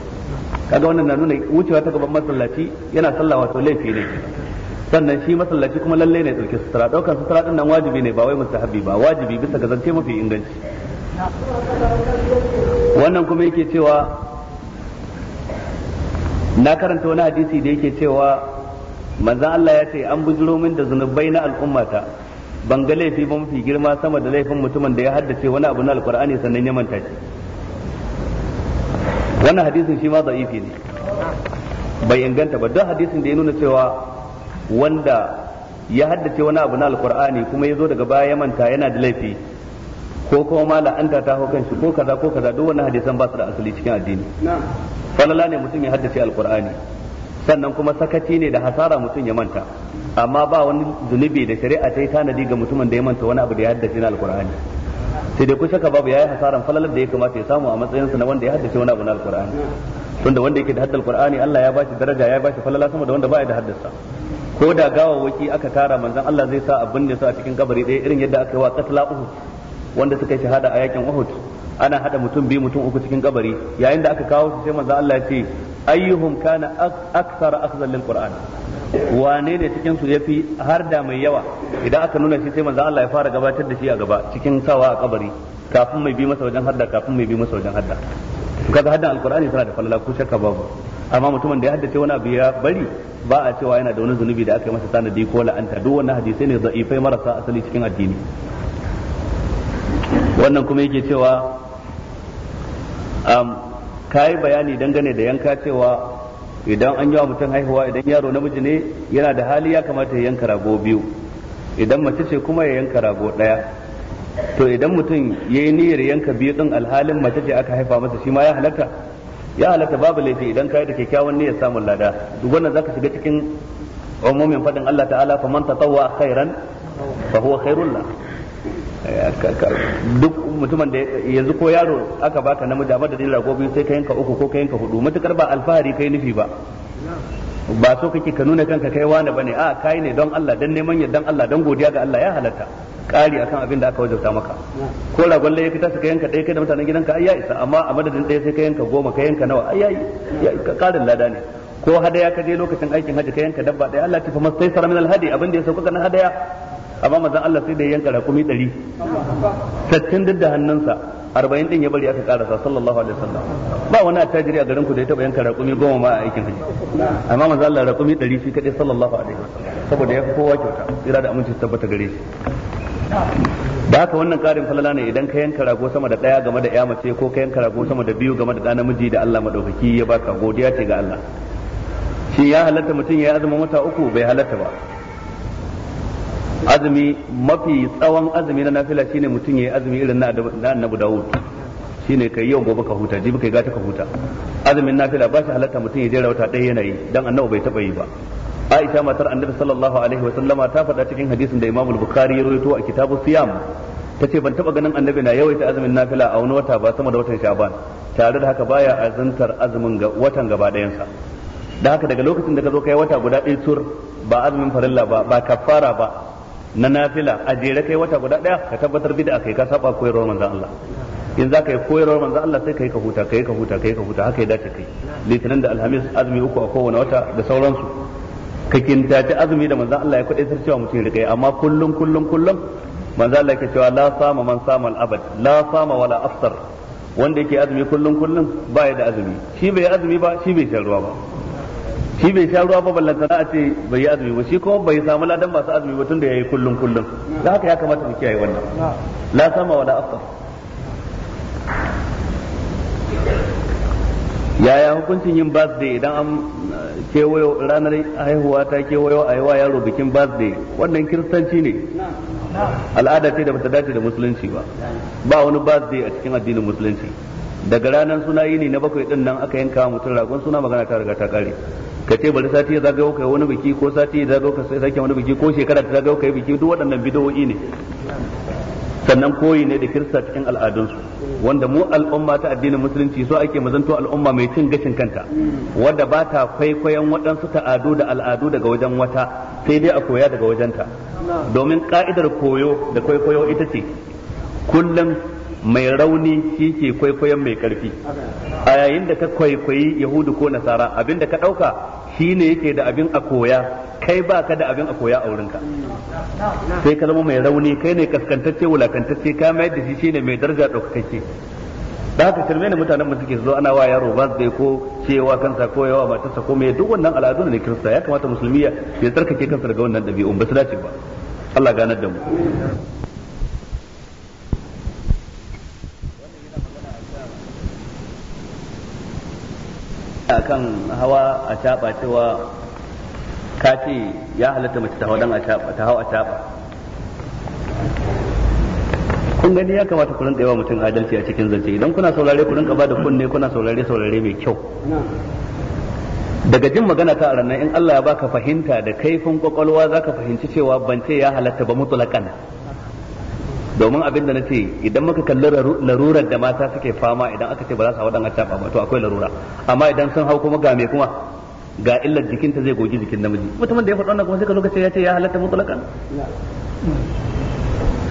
kaga wannan na nuna wucewa ta gaban masallaci yana sallah wato laifi ne sannan shi masallaci kuma lalle ne dauke sutura daukar sutura din nan wajibi ne ba wai mustahabi ba wajibi bisa ga zance mafi inganci wannan kuma yake cewa na karanta wani hadisi da yake cewa manzan Allah ya ce an bujiro min da zunubai na al'ummata ban ga laifi ba mafi girma sama da laifin mutumin da ya haddace wani abu na alkur'ani sannan ya manta shi wannan hadisin shi ma za'ifi ne bai inganta ba don hadisin da ya nuna cewa wanda ya haddace wani abu na alkur'ani kuma ya zo daga baya ya manta yana da laifi ko kuma ma la'anta ta hukan shi ko kaza ko kaza duk wannan hadisan ba su da asali cikin addini falala ne mutum ya haddace alkur'ani sannan kuma sakaci ne da hasara mutum ya manta amma ba wani zunubi da shari'a ta yi tanadi ga mutumin da ya manta wani abu da ya haddace na alkur'ani sai dai ko shaka babu yayi hasaran falalar da ya kamata ya samu a matsayin sa na wanda ya haddace wani abu na alqur'ani tunda wanda yake da haddal qur'ani Allah ya bashi daraja ya bashi falala sama da wanda baya da haddasa ko da gawawwaki aka tara manzon Allah zai sa abin da su a cikin kabari ɗaya irin yadda aka yi wa qatla Uhud wanda suka yi shahada a yakin Uhud ana hada mutum biyu mutum uku cikin kabari yayin da aka kawo su sai manzon Allah ya ce ayyuhum kana akthar akhzan lil qur'an wane ne cikin su yafi har da mai yawa idan aka nuna shi sai manzo Allah ya fara gabatar da shi a gaba cikin sawa a kabari kafin mai bi masa wajen hadda kafin mai bi masa wajen hadda kaga haddan alqur'ani tana da falala ko shakka babu amma mutumin da ya haddace wani abu ya bari ba a cewa yana da wani zunubi da aka yi masa sanadi ko la'anta duk wannan hadisai ne za'ifai marasa asali cikin addini wannan kuma yake cewa um, ka yi bayani dangane da yanka cewa idan an yi wa mutum haihuwa idan yaro namiji ne yana da hali ya kamata ya yanka rago biyu idan mace ce kuma ya yanka rago ɗaya to idan mutum ya yi niyyar yanka biyu ɗin alhalin mace ce aka haifa masa shi ma ya halatta ya halatta babu laifi idan ka yi da kyakkyawan niyyar samun lada duk wannan zaka shiga cikin umumin faɗin Allah ta'ala faman tatawwa khairan fa huwa khairul duk mutumin da yanzu ko yaro aka baka namiji a madadin rago biyu sai ka yanka uku ko ka yanka hudu matukar ba alfahari kai nufi ba ba so kake ka nuna kanka kai wani bane a kai ne don Allah dan neman yardan Allah dan godiya ga Allah ya halatta kari akan abin da aka wajabta maka ko ragon lai fita su ka yanka ɗaya kai da mutanen gidanka ayya isa amma a madadin dai sai ka yanka goma ka yanka nawa ai ka karin lada ne ko hadaya ka je lokacin aikin hajji ka yanka dabba ɗaya Allah ta fa sai min alhadi abin da ya sauka na hadaya amma mazan Allah sai da yanka rakumi ɗari. sattin duk da hannunsa arba'in din ya bari aka karasa sallallahu alaihi wasallam ba wani attajiri a garin ku da ya taba yanka rakumi goma ma a aikin haji amma manzo Allah rakumi 100 shi kadai sallallahu alaihi wasallam saboda ya kowa kyauta tsira da aminci tabbata gare shi da haka wannan karin falala ne idan ka yanka rago sama da daya game da ya mace ko ka yanka rago sama da biyu game da ɗan namiji da Allah madaukaki ya baka godiya ce ga Allah shi ya halatta mutum ya azuma mata uku bai halatta ba azumi mafi tsawon azumi na nafila shine mutum yayi azumi irin na annabi Dawud shine kai yau gobe ka huta jibi kai gata ka huta azumin nafila ba shi halatta mutum ya jera wata ɗaya yanayi yi dan annabi bai taba yi ba Aisha matar annabi sallallahu alaihi wa sallama ta faɗa cikin hadisin da Imam Bukhari ya rawaito a kitabu Siyam ta ce ban taba ganin annabi na yawaita azumin nafila a wani wata ba sama da watan Sha'ban tare da haka baya azantar azumin watan gaba ɗayansa da haka daga lokacin da ka zo kai wata guda ɗaya tur ba azumin farilla ba ba kafara ba na nafila a jere kai wata guda daya ka tabbatar bid'a kai ka saba koyarwar manzon Allah in za ka yi koyarwar manzon Allah sai kai ka huta kai ka huta kai ka huta haka ya dace kai litinin da alhamis azumi uku a kowane wata da sauransu ka kintace azumi da manzon Allah ya kudai sai cewa mutum riga amma kullum kullum kullum manzon Allah yake cewa la sama man sama al abad la sama wala afsar wanda yake azumi kullum kullum ba ya da azumi shi bai azumi ba shi bai shan ruwa ba shi bai sha ruwa ba ballan na ce bai yi azumi ba shi kuma bai samu ladan masu azumi ba tun da yi kullum kullum da haka ya kamata mu kiyaye wannan la sama wala afsar yaya hukuncin yin birthday idan an uh, kewayo ranar haihuwa ta kewayo a yawa yaro bikin birthday wannan kiristanci ne al'ada ce da bata dace da musulunci ba ba wani birthday a cikin addinin musulunci daga ranar suna ne na bakwai din nan aka yanka mutum ragon suna magana ta riga ta kare ka ce bari sati ya zagayo kai wani biki ko sati ya zagayo kai sake wani biki ko shekara ta zagayo kai biki duk waɗannan bidowoyi ne sannan koyi ne da kirista cikin al'adunsu wanda mu al'umma ta addinin musulunci so ake mazanto al'umma mai cin gashin kanta wadda ba ta kwaikwayon waɗansu ta'adu da al'adu daga wajen wata sai dai a koya daga wajenta domin ka'idar koyo da kwaikwayo ita ce kullum mai rauni shi ke kwaikwayon mai karfi a yayin da ka kwaikwayi yahudu ko nasara abin da ka ɗauka shi ne yake da abin a koya kai ba ka da abin a koya a wurinka sai ka zama mai rauni kai ne kaskantacce wulakantacce ka mayar da shi shi ne mai daraja ɗaukakakke da haka shirme ne mutanen mu suke zo ana wa yaro ba zai ko cewa kansa ko yawa matarsa ko me duk wannan al'adu ne kirista ya kamata musulmi ya tsarkake kansa daga wannan ɗabi'un ba su dace ba Allah ganar da mu akan hawa a taba cewa ka ya halatta mace ta hawa ta hawa kun gani ya kamata ku rinka yawa mutum adalci a cikin zance idan kuna saurare ku rinka ba kunne kuna saurare saurare mai kyau daga jin magana ta ranar in Allah ya baka fahimta da kaifin kwakwalwa zaka fahimci cewa ban ce ya halatta ba mutulakan domin abin da na ce idan muka kalli larurar da mata suke fama idan aka ce ba za su hau dan ba to akwai larura amma idan sun hau kuma ga me kuma ga illar jikinta zai goji jikin namiji mutumin da ya faɗi wannan kuma sai ka lokaci ya ce ya halatta mutulaka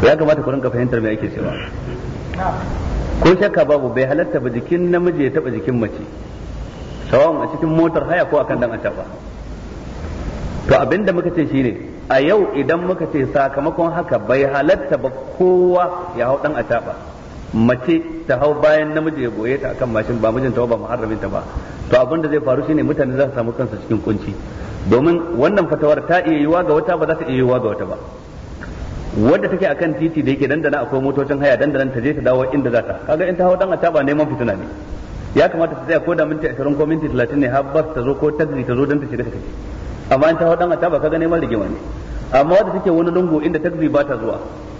ya kamata ku rinka fahimtar me ake cewa ko shakka babu bai halatta ba jikin namiji ya taba jikin mace sawan a cikin motar haya ko akan dan acaba to abinda muka ce shine a yau idan muka ce sakamakon haka bai halatta ba kowa ya hau dan acaba mace ta hau bayan namiji ya goye ta akan mashin ba mijinta ba muharramin ta ba to abin da zai faru shine mutane za su samu kansu cikin kunci domin wannan fatawar ta iya yiwa ga wata ba za ta iya yiwa ga wata ba wadda take akan titi da yake dandana akwai motocin haya dandanan ta je ta dawo inda za ta kaga in ta hau dan acaba neman fitina ne ya kamata ta tsaya ko da minti 20 ko minti 30 ne har bas ta zo ko taxi ta zo dan ta shiga ta amma in ta hau dan a ka kaga neman rigima ne amma wanda take wani lungu inda taxi ba ta zuwa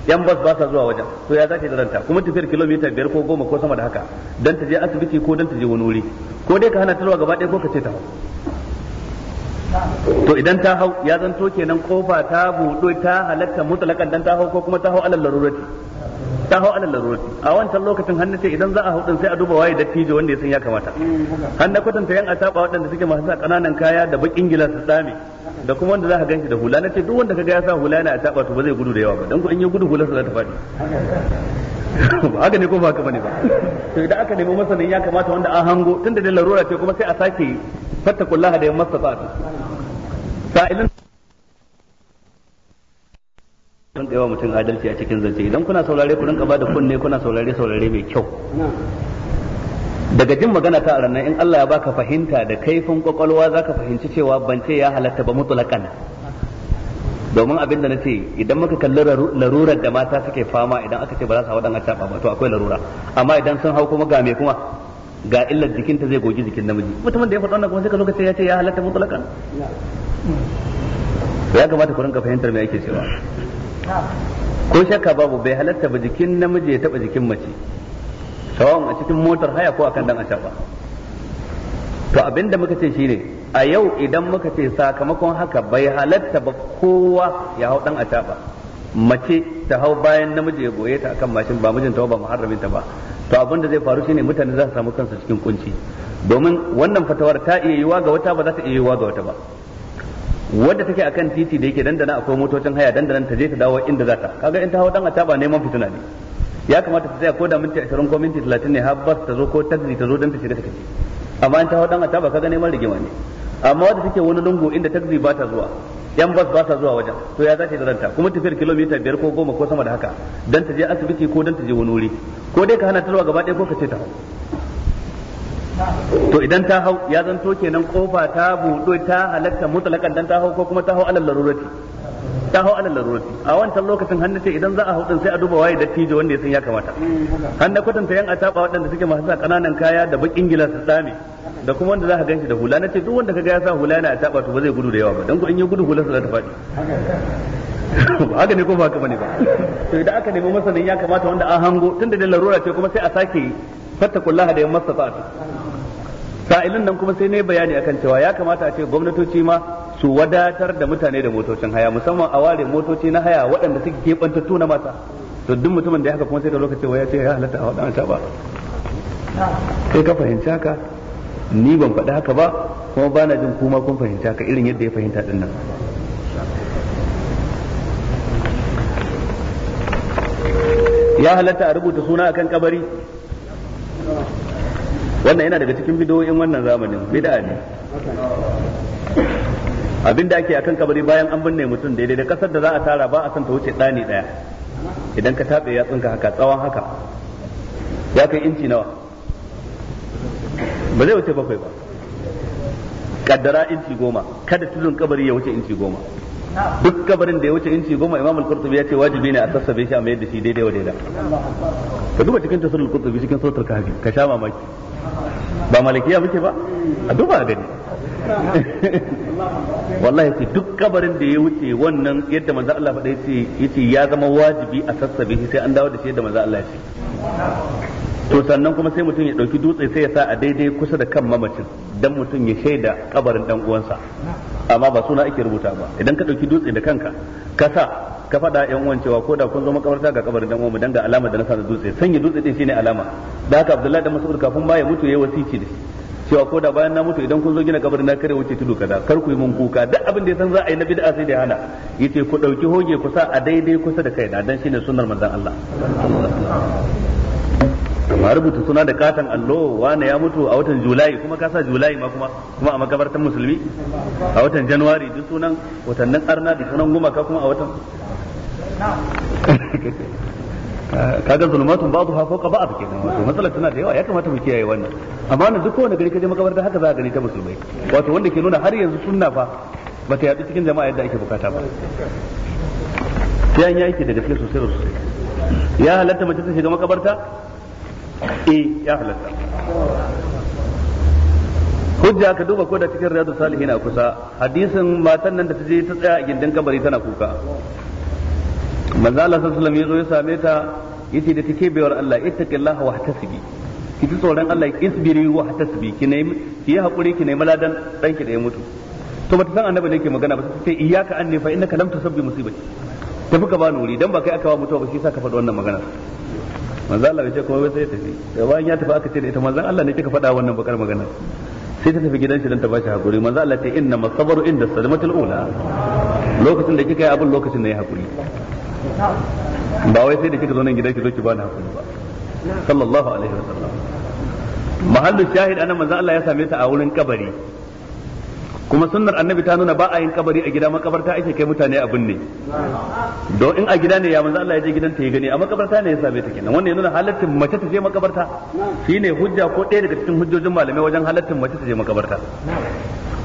yan bas ba sa zuwa wajen to ya zata daranta ranta kuma tafiyar kilomita biyar ko goma ko sama da haka dan ta je asibiti ko dan ta je wani wuri ko dai ka hana ta zuwa gaba ɗaya ko ka ce ta to idan ta hau ya zanto kenan kofa ta buɗo ta halatta mutalakan dan ta hau ko kuma ta hau alal larurati ta hau alal larurati a wancan lokacin hannu ce idan za a hudun sai a duba waye dattijo wanda ya san ya kamata hannu kwatanta yan asaba waɗanda suke masu sa kananan kaya da bakin gila su tsame da kuma wanda za ka ganshi da hula na ce duk wanda kaga ya sa hula yana asaba to ba zai gudu da yawa ba dan ko in yi gudu hular sa za ta faɗi haka ne ko ba haka bane ba to idan aka nemi masanin ya kamata wanda an hango tunda da larura ce kuma sai a sake kullaha da yan masa sa'ilin don da yawa mutum adalci a cikin zance idan kuna saurare ku rinka bada kunne kuna saurare saurare mai kyau daga jin magana ta ranar in Allah ya baka fahimta da kaifin kwakwalwa ka fahimci cewa ban ce ya halatta ba mutlakan domin abin da na ce, idan muka kalli larurar da mata suke fama idan aka ce ba za su hau dan acaba ba to akwai larura amma idan sun hau kuma ga me kuma ga illar jikinta zai goji jikin namiji mutumin da ya faɗa wannan kuma sai ka lokaci ya ce ya halatta mutlakan ya kamata ku rinka fahimtar me ake cewa ko shakka babu bai halatta ba jikin namiji ya taba jikin mace sawan a cikin motar haya ko akan dan ashaba to abinda muka ce shine a yau idan muka ce sakamakon haka bai halatta ba kowa ya hau dan ashaba mace ta hau bayan namiji ya goye ta akan mashin ba mijinta ba muharraminta ba to abin da zai faru shine mutane za su samu kansu cikin kunci domin wannan fatawar ta iya yiwa ga wata ba za ta iya yiwa ga wata ba wadda take akan titi da yake dandana akwai motocin haya dandanan ta je ta dawo inda za ta kaga in ta hawo dan ataba neman fitina ne ya kamata ta tsaya ko da minti 20 ko minti 30 ne har bas ta zo ko taxi ta zo dan ta shiga take amma in ta hawo dan ataba kaga neman rigima ne amma wadda take wani lungu inda taxi ba ta zuwa yan bas ba ta zuwa wajen to ya za ta da ranta kuma tafiyar kilomita biyar ko goma ko sama da haka dan ta je asibiti ko dan ta je wani wuri ko dai ka hana ta zuwa gaba ɗaya ko ka ce ta to idan ta hau ya zanto kenan kofa ta buɗo ta halatta mutalakan dan ta hau ko kuma ta hau alal larurati ta hau alal larurati a wancan lokacin hannu ce idan za a hau din sai a duba waye dattijo wanda ya san ya kamata hannu kwatanta yan ataba waɗanda suke masu sa kananan kaya da bakin gilas su tsame da kuma wanda za ka ganshi da hula na ce duk wanda ga ya sa hula yana taba to ba zai gudu da yawa ba dan ko in ya gudu hula za ta faɗi haka ne ko ba haka bane ba to idan aka nemi masanin ya kamata wanda an hango tunda da larura ce kuma sai a sake fattakullaha da yamma safa'atu sa'ilin nan kuma sai ne bayani akan cewa ya kamata a ce gwamnatoci ma su wadatar da mutane da motocin haya musamman a ware motoci na haya waɗanda suke keɓantattu na mata to duk mutumin da ya haka kuma sai da lokacin waya ce ya halatta a waɗanda ba sai ka fahimci haka ni ban faɗi haka ba kuma ba na jin kuma kun fahimci haka irin yadda ya fahimta ɗin nan ya halatta a rubuta suna akan kabari wannan yana daga cikin bidoyin wannan zamanin bid'a ne abin da ake a kan kabari bayan an binne mutum daidai da kasar da za a tara ba a san ta wuce ɗani ɗaya idan ka taɓe yatsunka haka tsawon haka ya kai inci nawa ba zai wuce bakwai ba kaddara inci goma kada tudun kabari ya wuce inci goma duk kabarin da ya wuce inci goma imam al-qurtubi ya ce wajibi ne a sassabe shi a mai da shi daidai wa daidai ka duba cikin tasir al-qurtubi cikin sautar kafi ka sha mamaki ba malikiya muke ba a duba a gani wallahi ce duk kabarin da ya wuce wannan yadda manzo Allah faɗa yace yace ya zama wajibi a sassabe shi sai an dawo da shi yadda manzo Allah ya ce to sannan kuma sai mutum ya ɗauki dutse sai ya sa a daidai kusa da kan mamacin dan mutum ya shaida kabarin dan uwansa amma ba suna ake rubuta ba idan ka ɗauki dutse da kanka ka sa ka faɗa yan uwan cewa ko da kun zo makabarta ga kabarin dan uwanmu dan ga alama da na sa da dutse sanya dutse din shine alama da haka Abdullahi da Mas'ud kafin ba ya mutu yayi wasici da cewa ko da bayan na mutu idan kun zo gina kabarin na kare wuce tudu kaza kar ku yi mun kuka duk abin da ya san za a yi na bid'a sai da hana yace ku ɗauki hoge sa a daidai kusa da da dan shine sunnar manzon Allah ma rubuta suna da katon allo wane ya mutu a watan julai kuma kasa julai ma kuma kuma a makabartan musulmi a watan januwari duk sunan watannin arna da sunan gumaka kuma a watan kaga zulumatun ba'du ha fawqa ba'd kenan wato matsalar tana da yawa ya kamata mu kiyaye wannan amma na duk wanda gari kaje makabarta haka za a gani ta musulmai wato wanda ke nuna har yanzu sunna fa bata yadu cikin jama'a yadda ake bukata ba sai an yi aiki da gaske sosai da sosai ya halatta mace ta shiga makabarta eh ya halatta hujja ka duba ko da cikin riyadu salihin a kusa hadisin matan nan da ta je ta tsaya a gindin kabari tana kuka manzo Allah sallallahu alaihi wasallam ya same ta yace da take bayar Allah ittaqillaha wa tasibi ki ji tsoron Allah isbiri wa tasbi ki ne ki yi hakuri ki nemi maladan dan da ya mutu to bata san annabi ne ke magana ba sai iyyaka anni fa innaka lam tusabbi musibati tafi ka ba nuri dan ba kai aka ba mutuwa ba shi yasa ka faɗi wannan magana manzo Allah bai ce kuma sai tafi da bayan ya tafi aka ce da ita manzo Allah ne kika faɗa wannan bakar magana sai ta tafi gidan shi dan ta bashi hakuri manzo Allah ta inna masabaru inda salmatul ula lokacin da kika yi abin lokacin da ya hakuri ba wai sai da kika zo nan gidan ki zo ki bani hakuri ba sallallahu alaihi wasallam mahallu shahid anan manzo Allah ya same ta a wurin kabari kuma sunnar annabi ta nuna ba a yin kabari a gida makabarta ake kai mutane abin ne don in a gida ne ya manzo Allah ya je gidan ta ya gani a makabarta ne ya same ta kenan wannan ya nuna halattin mace ta je makabarta shine hujja ko ɗaya daga cikin hujjojin malamai wajen halattin mace ta je makabarta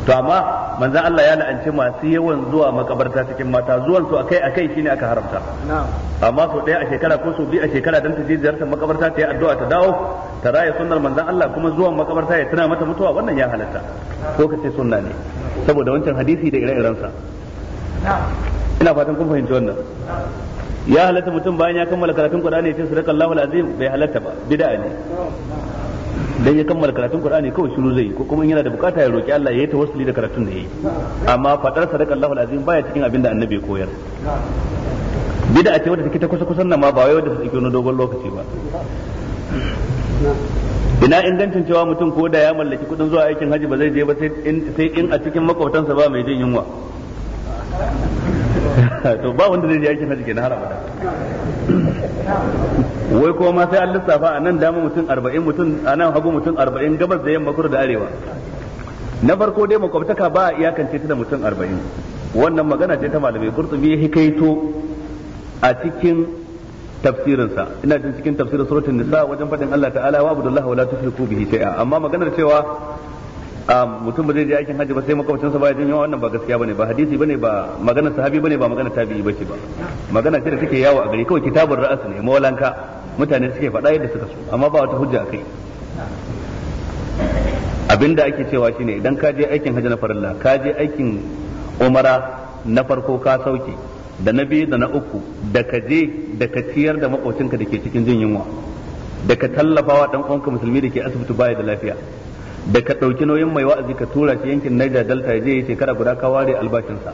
to amma manzo Allah ya la'anci masu yawan zuwa makabarta cikin mata zuwan su akai akai shine aka haramta amma so ɗaya a shekara ko so biyu a shekara dan ta je ziyartar makabarta ta yi addu'a ta dawo ta raya sunnar manzan Allah kuma zuwan makabarta ya tuna mata mutuwa wannan ya halatta ko ka ce sunna ne saboda wancan hadisi da ire-iren sa ina fatan kun fahimci wannan ya halatta mutum bayan ya kammala karatun Qur'ani ya ce Allahu alazim bai halatta ba bid'a ne dan ya kammala karatun Qur'ani kawai shiru zai ko kuma yana da bukata ya roki Allah ya yi tawassuli da karatun da yayi amma fadar Allahu alazim baya cikin abin da annabi ya koyar bid'a ce wadda take ta kusa kusan nan ma ba wai wadda take wani dogon lokaci ba ina ingancin cewa mutum ko da ya mallaki kudin zuwa aikin haji ba zai je ba sai in a cikin makwabtansa ba mai jin yunwa to ba wanda zai je aikin haji ke na abada wai kuma ma sai an lissafa a nan dama mutum arba'in mutum a nan hagu mutum arba'in gabas da yamma kudu da arewa na farko dai makwabtaka ba a iyakance ta da mutum arba'in wannan magana ce ta malamai kurtubi ya hikaito a cikin tafsirinsa ina jin cikin tafsirin suratul nisa wajen faɗin Allah ta'ala wa abudullah wa la tushriku bihi shay'a amma maganar cewa mutum ba zai je aikin haji ba sai makwabcin sa ba jin yawa wannan ba gaskiya bane ba hadisi bane ba maganar sahabi bane ba maganar tabi'i bace ba magana ce da take yawo a gari kawai kitabun ra'as ne mawalanka mutane suke faɗa yadda suka so amma ba wata hujja akai abinda ake cewa shine idan ka je aikin hajji na farilla ka je aikin umara na farko ka sauke da na biyu da na uku da ka je da ka ciyar da makocinka da ke cikin jin yunwa da ka tallafa wa dan uwanka musulmi da ke asibiti baya da lafiya da ka ɗauki nauyin mai wa'azi ka tura shi yankin Niger Delta ya je yi shekara guda ka ware albashinsa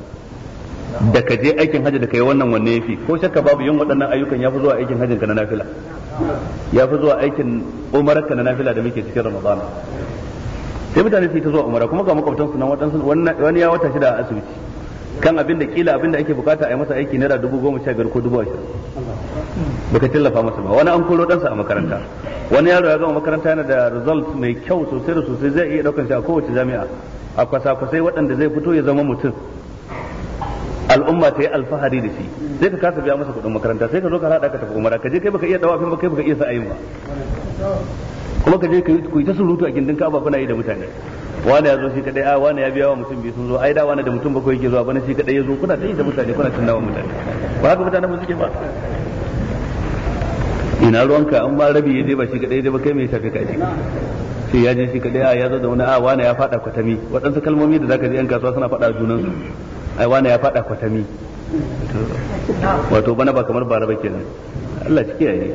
da ka je aikin hajji da ka yi wannan wanne yafi ko shakka babu yin waɗannan ayyukan ya fi zuwa aikin hajjin ka na nafila ya fi zuwa aikin umarar ka na nafila da muke cikin ramadana sai mutane su yi ta zuwa umara kuma ga makwabtansu nan wani ya wata shida a asibiti kan abin da kila abin da ake bukata a yi masa aiki naira dubu goma sha biyar ko dubu ashirin baka tallafa masa ba wani an koro ɗansa a makaranta wani yaro ya gama makaranta yana da result mai kyau sosai da sosai zai iya ɗaukan shi a kowace jami'a a kwasa-kwasai waɗanda zai fito ya zama mutum al'umma ta yi alfahari da shi sai ka kasa biya masa kuɗin makaranta sai ka zo ka haɗa ka tafi umara ka je kai baka iya dawafin ba kai baka iya sa'ayin ba kuma ka je ka yi ta surutu a gindin ka'aba kuna yi da mutane wani ya zo shi kadai a wani ya biya wa mutum biyu sun zo ai da wani da mutum bakwai yake zuwa bana shi kadai ya zo kuna ta yi da mutane kuna wa mutane ba haka mutane mu suke ba ina ruwanka an ma rabi ya je ba shi kadai je ba kai mai shafe kaji sai ya je shi kadai a ya zo da wani a wani ya fada kwatami waɗansu kalmomi da zaka ji yan kasuwa suna faɗa junan su ai wani ya fada kwatami wato bana ba kamar bara ba kenan Allah shi kiyaye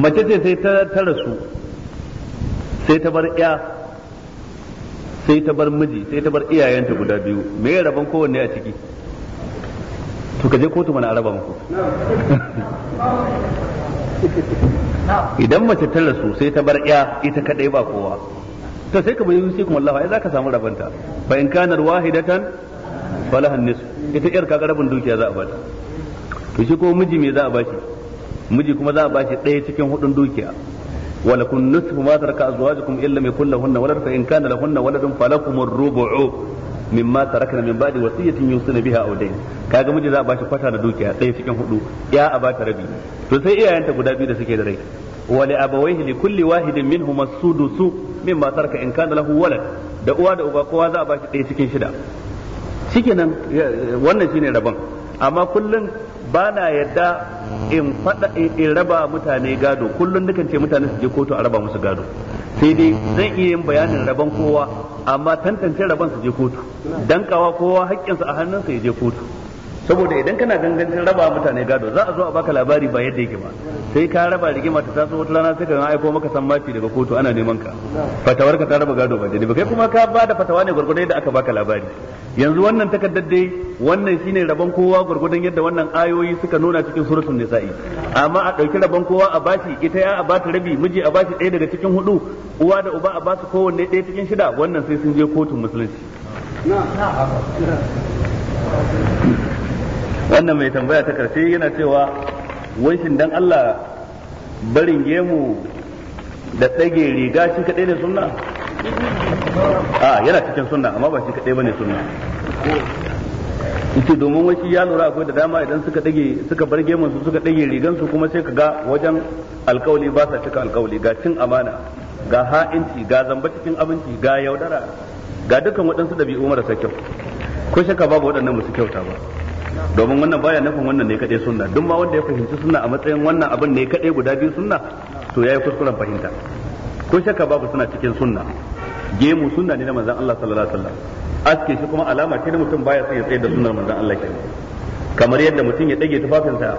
mace ce sai ta rasu sai ta bar ya sai ta bar miji sai ta bar iyayenta guda biyu me ya rabon kowanne a ciki to ka je kotu mana araba muku idan mace ta rasu sai ta bar ya ita kadai ba kowa to sai ka bayyana sai kuma Allah ai zaka samu rabanta fa in kana wahidatan falaha nisf ita iyar ka rabin dukiya za a bata to shi ko miji me za a bashi miji kuma za a bashi ɗaya cikin hudun dukiya ولكم نصف ما ترك أزواجكم إن لم يكن لهن ولد فإن كان لهن ولد فلكم الربع مما تركنا من بعد وصية يوصين بها أو دين kaga miji za a bashi kwata da dukiya ɗaya cikin hudu ya abata rabi to sai iyayenta guda biyu da suke da rai wa li abawayhi li kulli wahidin minhum as-sudusu mimma taraka in kana lahu walad da uwa da uba kowa za a bashi ɗaya cikin shida shikenan wannan shine rabon amma kullun ba na yadda in fada in raba mutane gado kullum dukan ce mutane su je kotu a raba musu gado sai dai zan iya yin bayanin raban kowa amma tantance raban su je kotu dan kawa kowa haƙƙinsa a hannunsa ya je kotu saboda idan kana gangancin raba mutane gado za a zo a baka labari ba yadda yake ba sai ka raba rigima ta taso wata rana sai ka aiko maka mafi daga kotu ana neman ka fatawar ka ta raba gado ba daidai ba kai kuma ka ba da fatawa ne gwargwadon yadda aka baka labari yanzu wannan takardar dai wannan shine rabon kowa gwargwadon yadda wannan ayoyi suka nuna cikin suratul nisa'i amma a dauki rabon kowa a bashi ita ya a bata rabi miji a bashi ɗaya daga cikin hudu uwa da uba a basu kowanne ɗaya cikin shida wannan sai sun je kotun musulunci wannan mai tambaya ta karshe yana cewa wai shin dan Allah barin gemu da tsage riga shi kadai ne sunna a yana cikin sunna amma ba shi kadai bane sunna yace domin wai ya lura akwai da dama idan suka dage suka bar gemun su suka dage rigan su kuma sai ka ga wajen alkawali ba sa cika alkawali ga cin amana ga ha'inci ga zamba cikin abinci ga yaudara ga dukkan waɗansu ɗabi'u marasa kyau ko shaka babu waɗannan musu kyauta ba domin wannan baya nufin wannan ne kadai sunna duk ma wanda ya fahimci sunna a matsayin wannan abin ne kadai guda biyu sunna to yayi kuskuren fahimta ko shakka babu suna cikin sunna gemu sunna ne na manzon Allah sallallahu alaihi wasallam aske shi kuma alama ce na mutum baya son ya tsaye da sunnar manzon Allah kenan kamar yadda mutum ya dage tufafinsa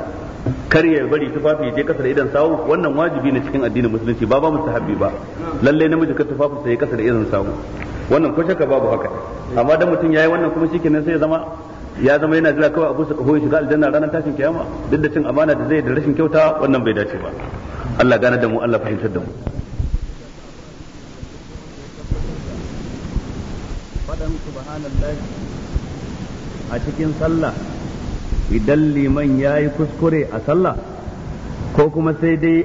kar ya bari tufafi je kasar idan sawu wannan wajibi ne cikin addinin musulunci ba ba mustahabbi ba lalle namiji ka tufafin sa ya kasa da idan sawu wannan ko shakka babu haka amma dan mutum yayi wannan kuma shikenan sai ya zama ya zama yana jira kawai abu su kafo shiga aljanna ranar tashin kiyama duk da cin amana da zai da rashin kyauta wannan bai dace ba Allah gane da mu Allah fahimtar da mu fadan subhanallahi a cikin sallah idan liman yayi kuskure a sallah ko kuma sai dai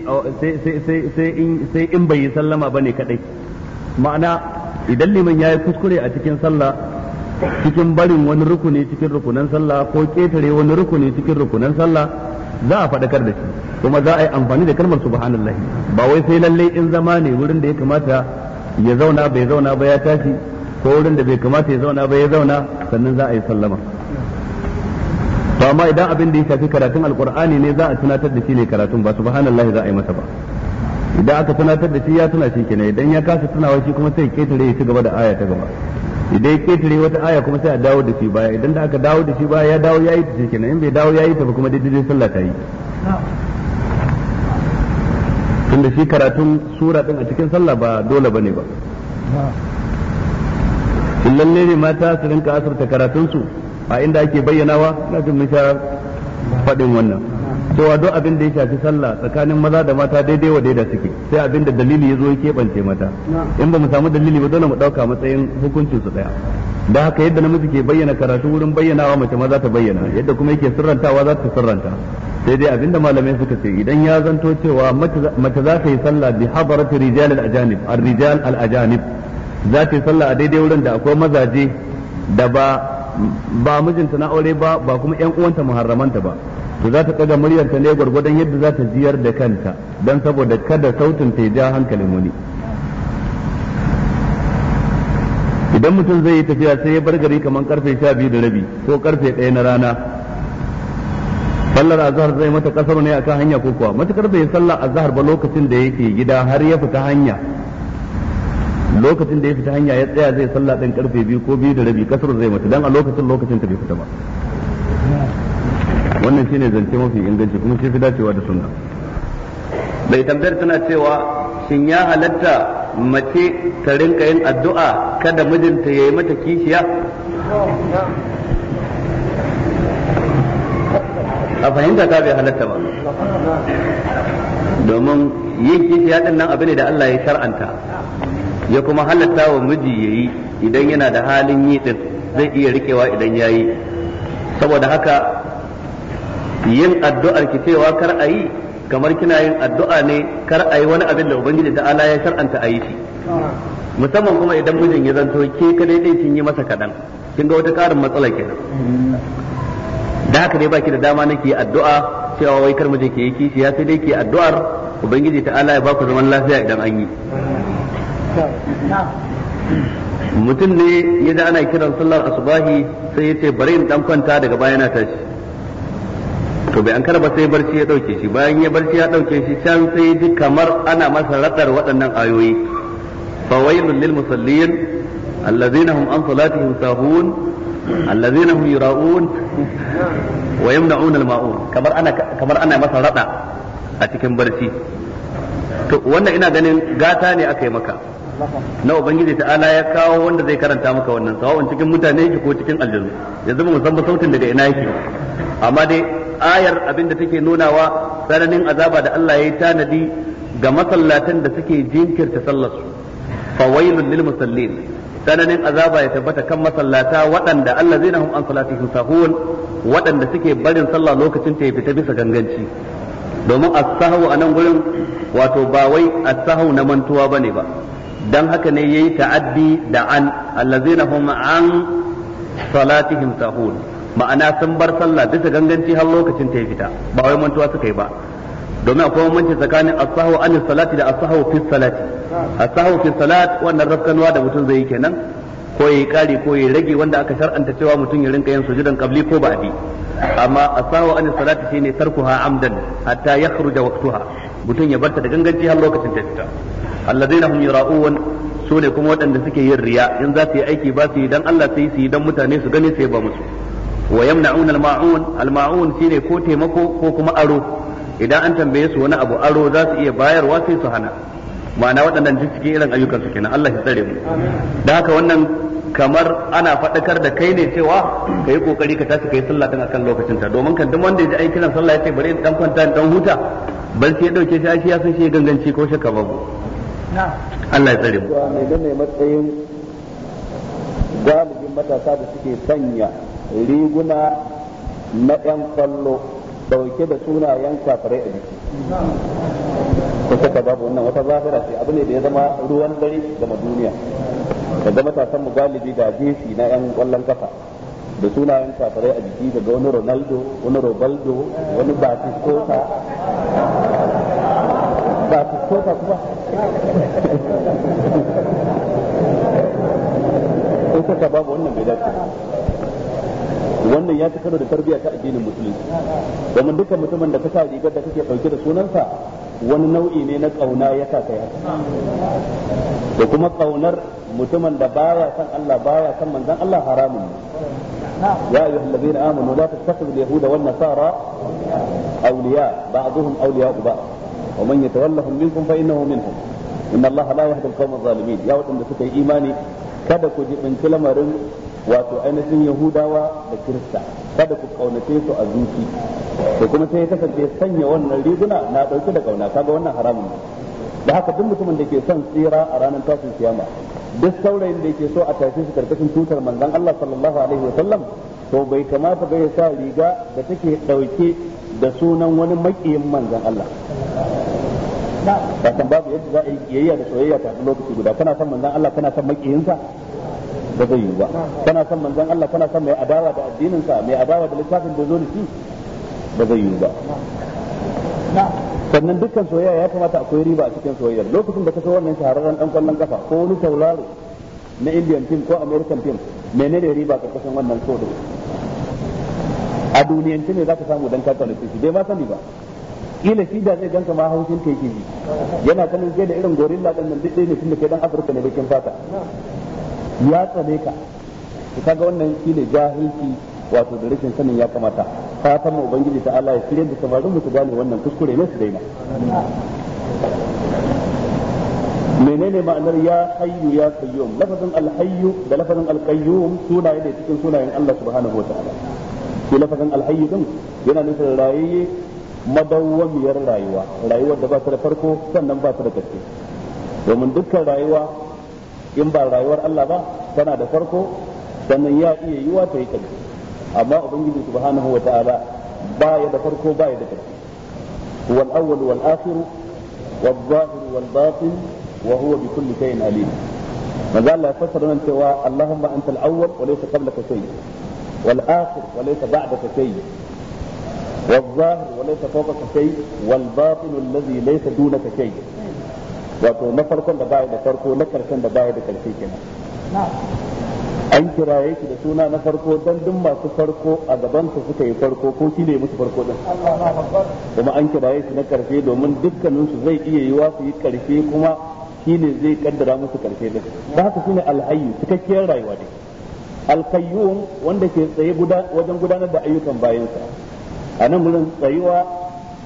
sai in bai yi sallama bane kadai ma'ana idan liman yayi kuskure a cikin sallah cikin barin wani rukuni cikin rukunan sallah ko ketare wani rukuni cikin rukunan sallah za a faɗakar da shi kuma za a yi amfani da kalmar subhanallahi ba wai sai lalle in zama ne wurin da ya kamata ya zauna bai zauna ba ya tashi ko wurin da bai kamata ya zauna ba ya zauna sannan za a yi sallama to amma idan abin da ya shafi karatun alkur'ani ne za a tunatar da shi ne karatun ba subhanallahi za a yi masa ba idan aka tunatar da shi ya tuna shi kenan idan ya kasa tunawa shi kuma sai ketare ya ci gaba da aya ta gaba idan ya ketare wata aya kuma sai a dawo da shi baya idan da aka dawo da shi baya ya dawo yayi ta cikin in bai dawo yayi ta ba kuma daidai sallah ta yi tunda shi karatun sura din a cikin sallah ba dole bane ba in lalle ne mata su rinka asirta su a inda ake bayyanawa na jin mun sha faɗin wannan cewa duk abin da ya shafi sallah tsakanin maza da mata daidai wa daidai suke sai abin da dalili ya zo ya keɓance mata in ba mu samu dalili ba dole mu ɗauka matsayin hukuncin su ɗaya da haka yadda namiji ke bayyana karatu wurin bayyanawa mace ma ta bayyana yadda kuma yake sirrantawa za ta sirranta sai dai abin da malamai suka ce idan ya zanto cewa mace za ta yi sallah bi hadarati rijal al ajanib ar rijal al ajanib za ta yi sallah a daidai wurin da akwai mazaje da ba ba mijinta na aure ba ba kuma yan uwanta muharramanta ba to za ta ɗaga muryarta ne gwargwadon yadda za ta jiyar da kanta don saboda kada sautin ta ja hankalin wani idan mutum zai yi tafiya sai ya bar gari kamar karfe sha biyu da rabi ko karfe ɗaya na rana sallar azhar zai mata kasar ne akan hanya ko kuwa matukar bai sallar azhar ba lokacin da yake gida har ya fita hanya lokacin da ya fita hanya ya tsaya zai sallar ɗin karfe biyu ko biyu da rabi kasar zai mata dan a lokacin lokacin ta bai fita ba wannan shine zance mafi inganci kuma shi fi dacewa da sunna bai tambayar tana cewa shin ya halatta mace ta rinka yin addu'a kada mijinta ya yi mata kishiya a fahimta ta bai halatta ba domin yin kishiya din nan abu ne da Allah ya shar'anta ya kuma halatta wa miji ya yi idan yana da halin yi din zai iya rikewa idan ya yi saboda haka yin addu'ar ki cewa kar a yi kamar kina yin addu'a ne kar a yi wani abin da ubangiji ta ala ya shar'anta a yi shi musamman kuma idan mijin ya zanto ke kadai dai kin yi masa kadan kin ga wata karin matsala kenan da haka dai baki da dama nake addu'a cewa wai kar mijin ke yi kishi ya sai dai ke addu'ar ubangiji ta ala ya baku zaman lafiya idan an yi mutum ne ya ana kiran sallar asubahi sai ya ce bari in dan kwanta daga baya na tashi to bai an karba sai barci ya dauke shi bayan ya barci ya dauke shi can sai ji kamar ana masa radar waɗannan ayoyi fawailun lil musallin allazina hum an salatihim sahun allazina hum yura'un wa yamna'un al ma'un kamar ana kamar ana masa rada a cikin barci to wannan ina ganin gata ne aka yi maka na ubangiji ta'ala ya kawo wanda zai karanta maka wannan sawa'un cikin mutane yake ko cikin aljanu yanzu ba mu san ba sautin daga ina yake amma dai ayar abinda take nunawa tsananin azaba da Allah ya yi tanadi ga masallatan da suke jinkirta sallarsu fawailun lil musallin tsananin azaba ya tabbata kan masallata waɗanda Allah zai nahum an salatihim sahun waɗanda suke barin sallah lokacin ta ya fita bisa ganganci domin as-sahwu a nan gurin wato ba wai as-sahwu na mantuwa bane ba dan haka ne yayi ta'addi da an allazina hum an salatihim sahun ma'ana sun bar sallah bisa ganganci har lokacin ta fita ba wai mantuwa suka yi ba domin akwai mamanci tsakanin as-sahwu an salati da as-sahwu fi salati as fi salat wannan rafkanwa da mutum zai yi kenan ko yi kari ko yi rage wanda aka shar'anta cewa mutum ya rinka yin sujudan qabli ko ba'di amma as-sahwu an salati shine tarkuha amdan hatta yakhruja waqtuha mutum ya barta da ganganci har lokacin ta fita alladheena hum yura'un sune kuma waɗanda suke yin riya in za su yi aiki ba su yi dan Allah sai su yi dan mutane su gani sai ba musu wa yamna'una al-ma'un al-ma'un shine ko taimako ko kuma aro idan an tambaye su wani abu aro za su iya bayarwa sai su hana ma'ana waɗannan duk cikin irin ayyukan su kenan Allah ya tsare mu da haka wannan kamar ana fadakar da kai ne cewa ka yi kokari ka tashi ka yi sallah din akan lokacin ta domin kan duk wanda ya ji ai kiran sallah ya ce bari dan kwanta dan huta ban sai ya dauke shi shi ya san shi ganganci ko shakka babu Allah ya tsare mu mai matsayin galibin matasa da suke sanya riguna na yan kwallo ɗauke da sunayen kafirai a jiki kusa ka babu wannan wata zahira ce abu ne da ya zama ruwan dare gama duniya da zama tasan mu galibi da jesi na yan kwallon kafa da sunayen kafirai a jiki daga wani ronaldo wani robaldo wani batistota batistota kuma wannan ya ci da tarbiyya ta addinin musulunci domin dukkan mutumin da ka sa rigar da kake dauke da sunansa wani nau'i ne na kauna ya sa kai da kuma kaunar mutumin da baya san Allah baya san manzon Allah haramun يا أيها الذين آمنوا لا تتخذوا اليهود والنصارى أولياء بعضهم أولياء بعض ومن يتولهم منكم فإنه منهم ya الله لا يهدي القوم الظالمين يا وطن سكي إيماني kada ku jibinci lamarin wato ainihin yahudawa da kirista kada ku kaunace su a zuci to kuma sai ya kasance sanya wannan riguna na dauke da kauna kaga wannan haramun da haka duk mutumin da ke son tsira a ranar tashin kiyama duk saurayin da yake so a tashi su karkashin tutar manzon Allah sallallahu alaihi wa sallam to bai kamata ba ya sa riga da take dauke da sunan wani makiyin manzon Allah Ba san babu yadda za a yi kiyayya da soyayya ta lokaci guda kana son manzon Allah kana son makiyinsa ba zai yiwu ba kana son manzon Allah kana son mai adawa da addinin sa mai adawa da littafin da zo da shi ba zai yiwu ba sannan dukkan soyayya ya kamata akwai riba a cikin soyayya lokacin da ka so wannan shahararren dan kwallon kafa ko wani tauraro na Indian team ko American team menene riba ka kasan wannan so a duniyance ne ka samu dan ka kalle shi dai ma sani ba kila shi da zai ganka ma haushin kai ke yana kanin sai da irin gorilla din nan duk ɗaya ne tun da kai dan Afirka ne bikin fata ya tsane ka ka kaga wannan ne jahilci wato da rashin sanin ya kamata fatan mu ubangiji ta Allah ya shirye da samarin mu su gane wannan kuskure ne su daina menene ma'anar ya hayyu ya qayyum lafazin al da lafazin al-qayyum sunaye ne cikin sunayen Allah subhanahu wa ta'ala shi lafazin alhayyu din yana nufin rayuwa madawwamiyar rayuwa rayuwar da ba ta da farko sannan ba ta da gaske domin dukkan rayuwa in ba rayuwar Allah ba tana da farko sannan ya iya yiwa ta yi ƙarfi amma ubangiji subhanahu wa ta'ala ba ya da farko ba ya da ƙarfi wal awwal wal akhir wal zahir wal batin wa huwa bi kulli shay'in alim manzo Allah ya fassara nan cewa Allahumma antal awwal wa laysa qablaka shay wal akhir wa laysa ba'daka shay wal zahir wa laysa fawqaka shay wal batin alladhi laysa dunaka shay wato na farkon da baya da farko na karshen da baya da karshe kenan an kiraye yake da suna na farko don duk masu farko a gaban su suka yi farko ko shi ne musu farko din kuma an kiraye yake na karshe domin dukkaninsu zai iya yiwa su yi karshe kuma shi ne zai kaddara musu karshe din da haka shine alhayyu cikakkiyar rayuwa ne alkayyum wanda ke tsaye wajen gudanar da ayyukan bayansa a nan tsayuwa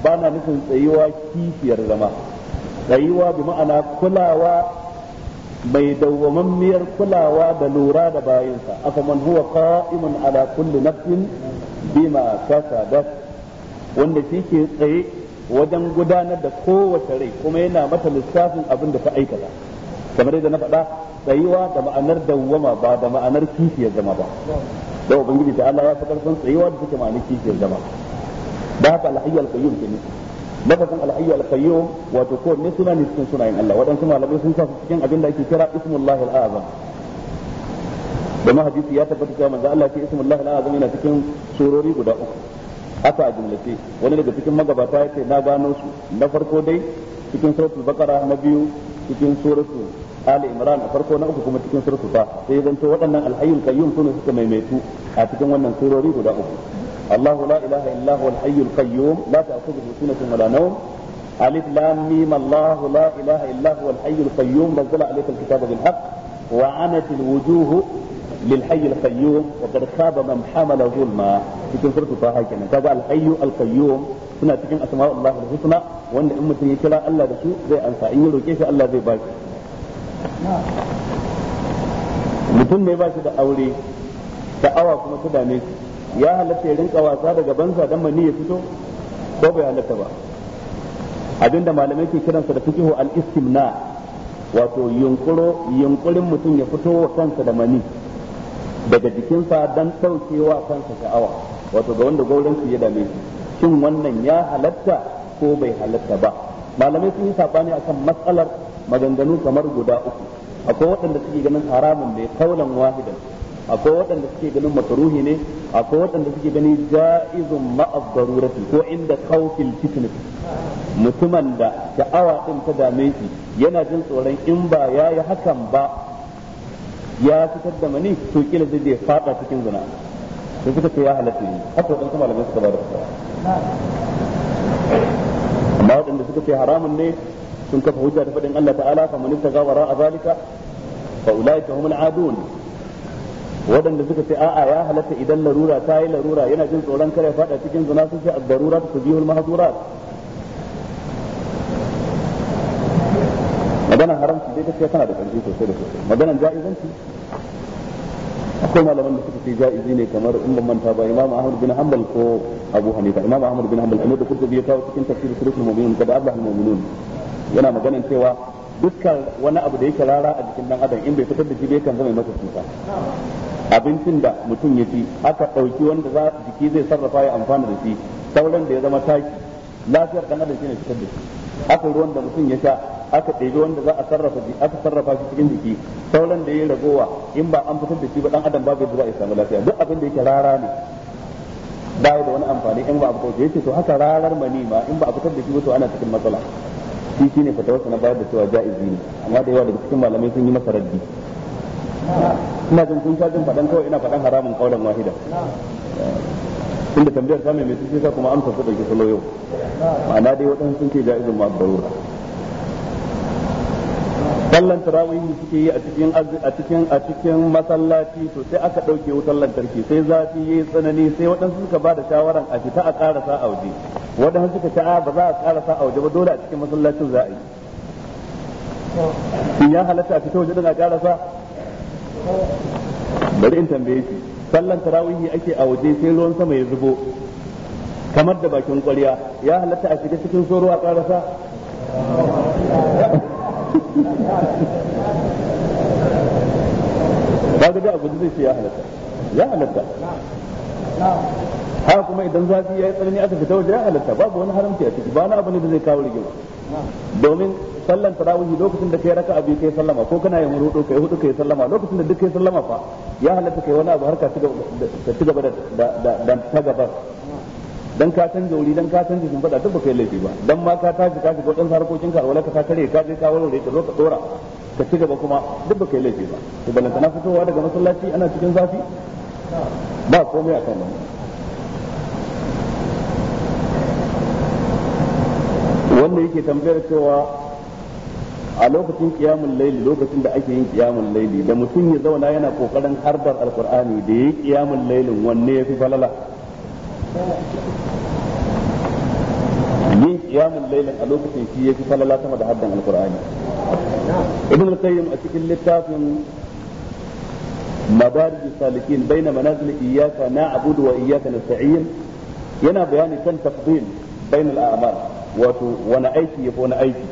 ba na nufin tsayuwa kishiyar zama tsayuwa bi ma'ana kulawa mai dawwamammiyar kulawa da lura da bayansa afa man huwa qa'imun ala kulli nafsin bima kasabat wanda shi tsaye wajen gudanar da kowace rai kuma yana mata lissafin abin da ta aikata kamar yadda na faɗa tsayuwa da ma'anar dawwama ba da ma'anar kifiyar zama ba da ubangiji ta Allah ya fi karfin tsayuwa da take ma'anar kifiyar zama da haka alhayyal qayyum kenan lafazin al-hayyu al-qayyum wato ko ne suna ne cikin sunayen Allah waɗansu malamai sun sa su cikin abin da ake kira ismullah al-azam ma hadisi ya tabbata cewa manzo Allah ke ismullah al-azam yana cikin surori guda uku aka a jumlace wani daga cikin magabata yake na gano su na farko dai cikin suratul baqara na biyu cikin suratul ali imran a farko na uku kuma cikin suratul ta sai zanto waɗannan al-hayyul qayyum sune suka maimaitu a cikin wannan surori guda uku الله لا إله إلا هو الحي القيوم لا تأخذه سنة ولا نوم ألف لام ميم الله لا إله إلا هو الحي القيوم نزل عليك الكتاب بالحق وعنت الوجوه للحي القيوم وقد خاب من حمل ظلما suna cikin asma'ul Allah husna wanda in mutum ya kira Allah da zai ansa in roke shi Allah zai ba mutum ne ba shi da aure kuma ta dame ya halatta ya rinka wasa daga banza dan mani ya fito ko bai halatta ba abinda malamai ke kiransa da fiqhu al-istimna wato yunkuro yunkurin mutum ya fito wa kansa da mani daga jikinsa dan saukewa kansa sha'awa wato ga wanda gauran su ya dame shi shin wannan ya halatta ko bai halatta ba malamai sun yi sabani akan matsalar maganganu kamar guda uku akwai waɗanda suke ganin haramun ne kaulan wahidan akwai waɗanda suke ganin makaruhi ne akwai waɗanda suke ganin ja'izun ma'az ko inda kawfin fitnati mutumin da sha'awa ɗin ta dame shi yana jin tsoron in ba ya yi hakan ba ya fitar da mani to kila zai je fada cikin zina sai suka ce ya halatta ne haka waɗansu malamai suka ba da fatawa amma waɗanda suka ce haramun ne sun kafa hujja da faɗin Allah ta'ala kamar man gawara a zalika fa ulaika humul adun waɗanda suka ce a'a ya halatta idan larura ta yi larura yana jin tsoron kare fada cikin zina sun ce ad-darura tubihul mahdurat magana haramci dai ta ce tana da ƙarfi sosai da sosai maganan ja'izanci akwai malaman da suka ce ja'izi ne kamar in ban manta ba imam ahmad bin hanbal ko abu hanifa imam ahmad bin hanbal kamar da kurtubi ya kawo cikin tafsir suratul mu'minun kada allah mu'minun yana maganan cewa dukkan wani abu da yake rara a jikin dan adam in bai fitar da shi bai kan zama masa cuta abincin da mutum ya ci aka ɗauki wanda za jiki zai sarrafa ya amfana da shi sauran da ya zama taki lafiyar da shi ne fitar da shi aka ruwan da mutum ya sha aka ɗebi wanda za a sarrafa shi aka sarrafa shi cikin jiki sauran da ya ragowa in ba an fitar da shi ba dan adam babu yadda za a samu lafiya duk abin da yake rara ne baya da wani amfani in ba a fitar da yake to haka rarar mani ma in ba a fitar da shi ba to ana cikin matsala shi shine fatawarsa na bayar da cewa ja'izi ne amma da yawa daga cikin malamai sun yi masa raddi ina jin kun jin faɗan kawai ina faɗan haramun kaulan wahida inda tambayar ta mai mai sa kuma amsa su ɗauki salo yau ma'ana dai waɗansu sun ce ja'izun masu barura sallan tarawihi suke yi a cikin a cikin a cikin masallaci to sai aka dauke wutar lantarki sai zafi yi tsanani sai waɗansu suka ba da shawaran a fita a karasa a waje waɗansu suka ta ba za a karasa a waje ba dole a cikin masallacin za a yi in ya halatta a fita waje din a karasa bari in tambaye shi sallan tarawihi ake a waje sai ruwan sama ya zubo kamar da bakin ƙwarya ya halatta a shiga cikin soro a ƙarasa ba ga abu zai ce ya halatta ya halatta haka kuma idan zafi ya yi tsanani aka fita waje ya halatta babu wani haramci a ciki ba na abu ne da zai kawo rigewa domin sallan tarawih lokacin da kai raka'a biyu kai sallama ko kana yin rudo kai hudu kai sallama lokacin da duk kai sallama fa ya halatta kai wani abu harka ka ci gaba da da ta gaba dan ka canza gauri dan ka canza sun fada duk ba kai laifi ba dan ma ka tashi ka shiga wadansu harkokin ka wala ka ta kare ka je ka warware ka zo ka dora ka ci gaba kuma duk ba kai laifi ba to balanta na fitowa daga masallaci ana cikin zafi ba komai kan wannan wanda yake tambayar cewa a lokacin qiyamul layli lokacin da ake yin qiyamul layli da mutum ya zauna yana kokarin harbar alkur'ani da yi qiyamul laylin wanne ya fi falala yin qiyamul laylin a lokacin shi fi falala sama da haddan alkur'ani. ibn al-qayyim a cikin littafin baina مدارج السالكين بين منازل إياك نعبد وإياك نستعين ينا بيان كان تفضيل بين الأعمال وأنا أيتي وأنا aiki.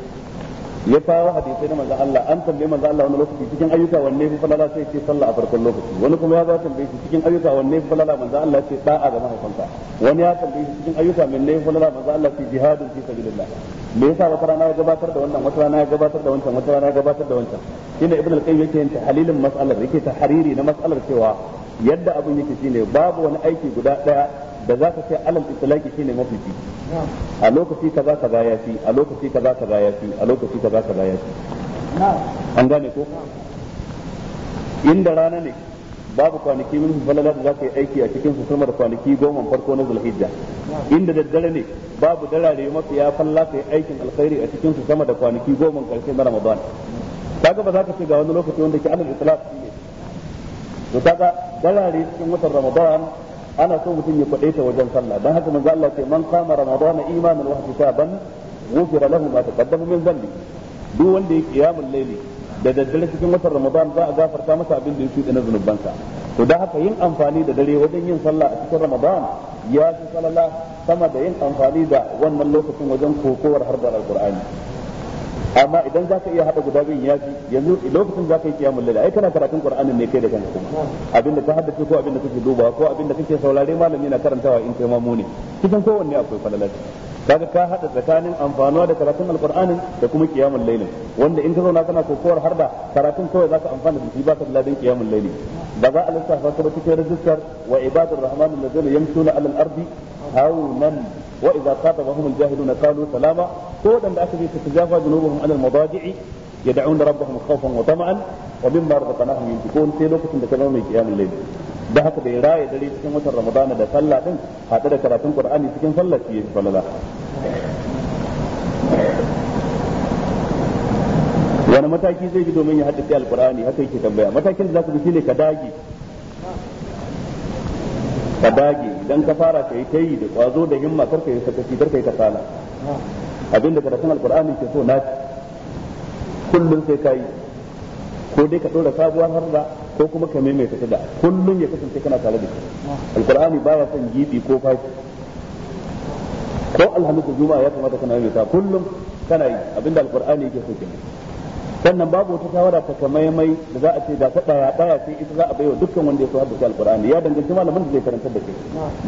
ya kawo hadisai na manzo Allah an tambaye manzo Allah wani lokaci cikin ayyuka wanne fi falala sai ce sallah a farkon lokaci wani kuma ya ba tambaye shi cikin ayyuka wanne fi falala manzo Allah ce da'a ga mahaifanka wani ya tambaye shi cikin ayyuka min ne fi falala manzo Allah ce jihadun fi sabilillah me yasa wata rana ya gabatar da wannan wata rana ya gabatar da wancan wata rana ya gabatar da wancan shine ibn al-qayyim yake yin tahlilin mas'alar yake tahariri na mas'alar cewa yadda abun yake shine babu wani aiki guda daya da za ka ce alal shi shine mafifi a lokaci za ka ya fi a lokaci za ka ya fi a lokaci za ka ya fi an gane ko inda rana ne babu kwanaki min falala da za ka yi aiki a cikin su sama da kwanaki goma farko na zulhijja inda daddare ne babu darare mafi ya falla ka yi aikin alkhairi a cikin su sama da kwanaki goma karshe na ramadan kaga ba za ka ce ga wani lokaci wanda ke alal itilaki ne to kaga darare cikin watan ramadan ana so mutum ya ta wajen sallah dan haka manzo Allah ce man kama ramadan imanan wa hisaban ghufira lahu ma taqaddama min dhanbi duk wanda ya qiyamul layli da daddare cikin watan ramadan za a gafarta masa abin da ya shuɗe na zunubansa to da haka yin amfani da dare wajen yin sallah a cikin ramadan ya fi salala sama da yin amfani da wannan lokacin wajen kokowar harbar alqur'ani amma idan za ka iya haɗa guda biyun ya fi yanzu lokacin za ka yi kiyamun laila ai kana karatun qur'anin ne kai da kanka kuma da ka haddace ko da kake dubawa ko da kake saurare malami na karantawa in kai mamu ne cikin kowanne akwai falalati kaga ka hada tsakanin amfanuwa da karatun alqur'anin da kuma qiyamul layl wanda in ka zauna kana kokowar har da karatun kawai ka amfana da shi baka da ladan qiyamul layl ba za a lissafa ka ba cikin rajistar wa ibadur rahman allazina yamshuna alal ardi هونا واذا خاطبهم الجاهلون قالوا سلاما قولا باكثر تتجافى جنوبهم عن المضاجع يدعون ربهم خوفا وطمعا ومما رزقناهم ينفقون في لوكة تكلموا قيام الليل da haka bai raya dare cikin watan ramadana da sallah din haɗe da karatun qur'ani cikin sallah shi yake falala wani mataki zai bi domin ya haddace alqur'ani haka yake tambaya matakin da zaka bi shine ka dage ka dage idan ka fara ka yi ta yi da kwazo da himma kar ka yi sakaci kar ka yi kasala abinda karatun alqur'ani ke so naci kullum sai ka yi ko dai ka dora sabuwar da ko kuma ka maimaita ta da kullum ya kasance kana tare da shi alqur'ani baya son gibi ko faki ko alhamdu juma'a ya kamata kana maimaita kullum kana yi abinda alqur'ani yake so kenan sannan babu wata shawara ta kamaimai da za a ce da ta daya daya sai ita za a baiwa dukkan wanda ya so haddace alqur'ani ya danganci malamin da zai karanta da kai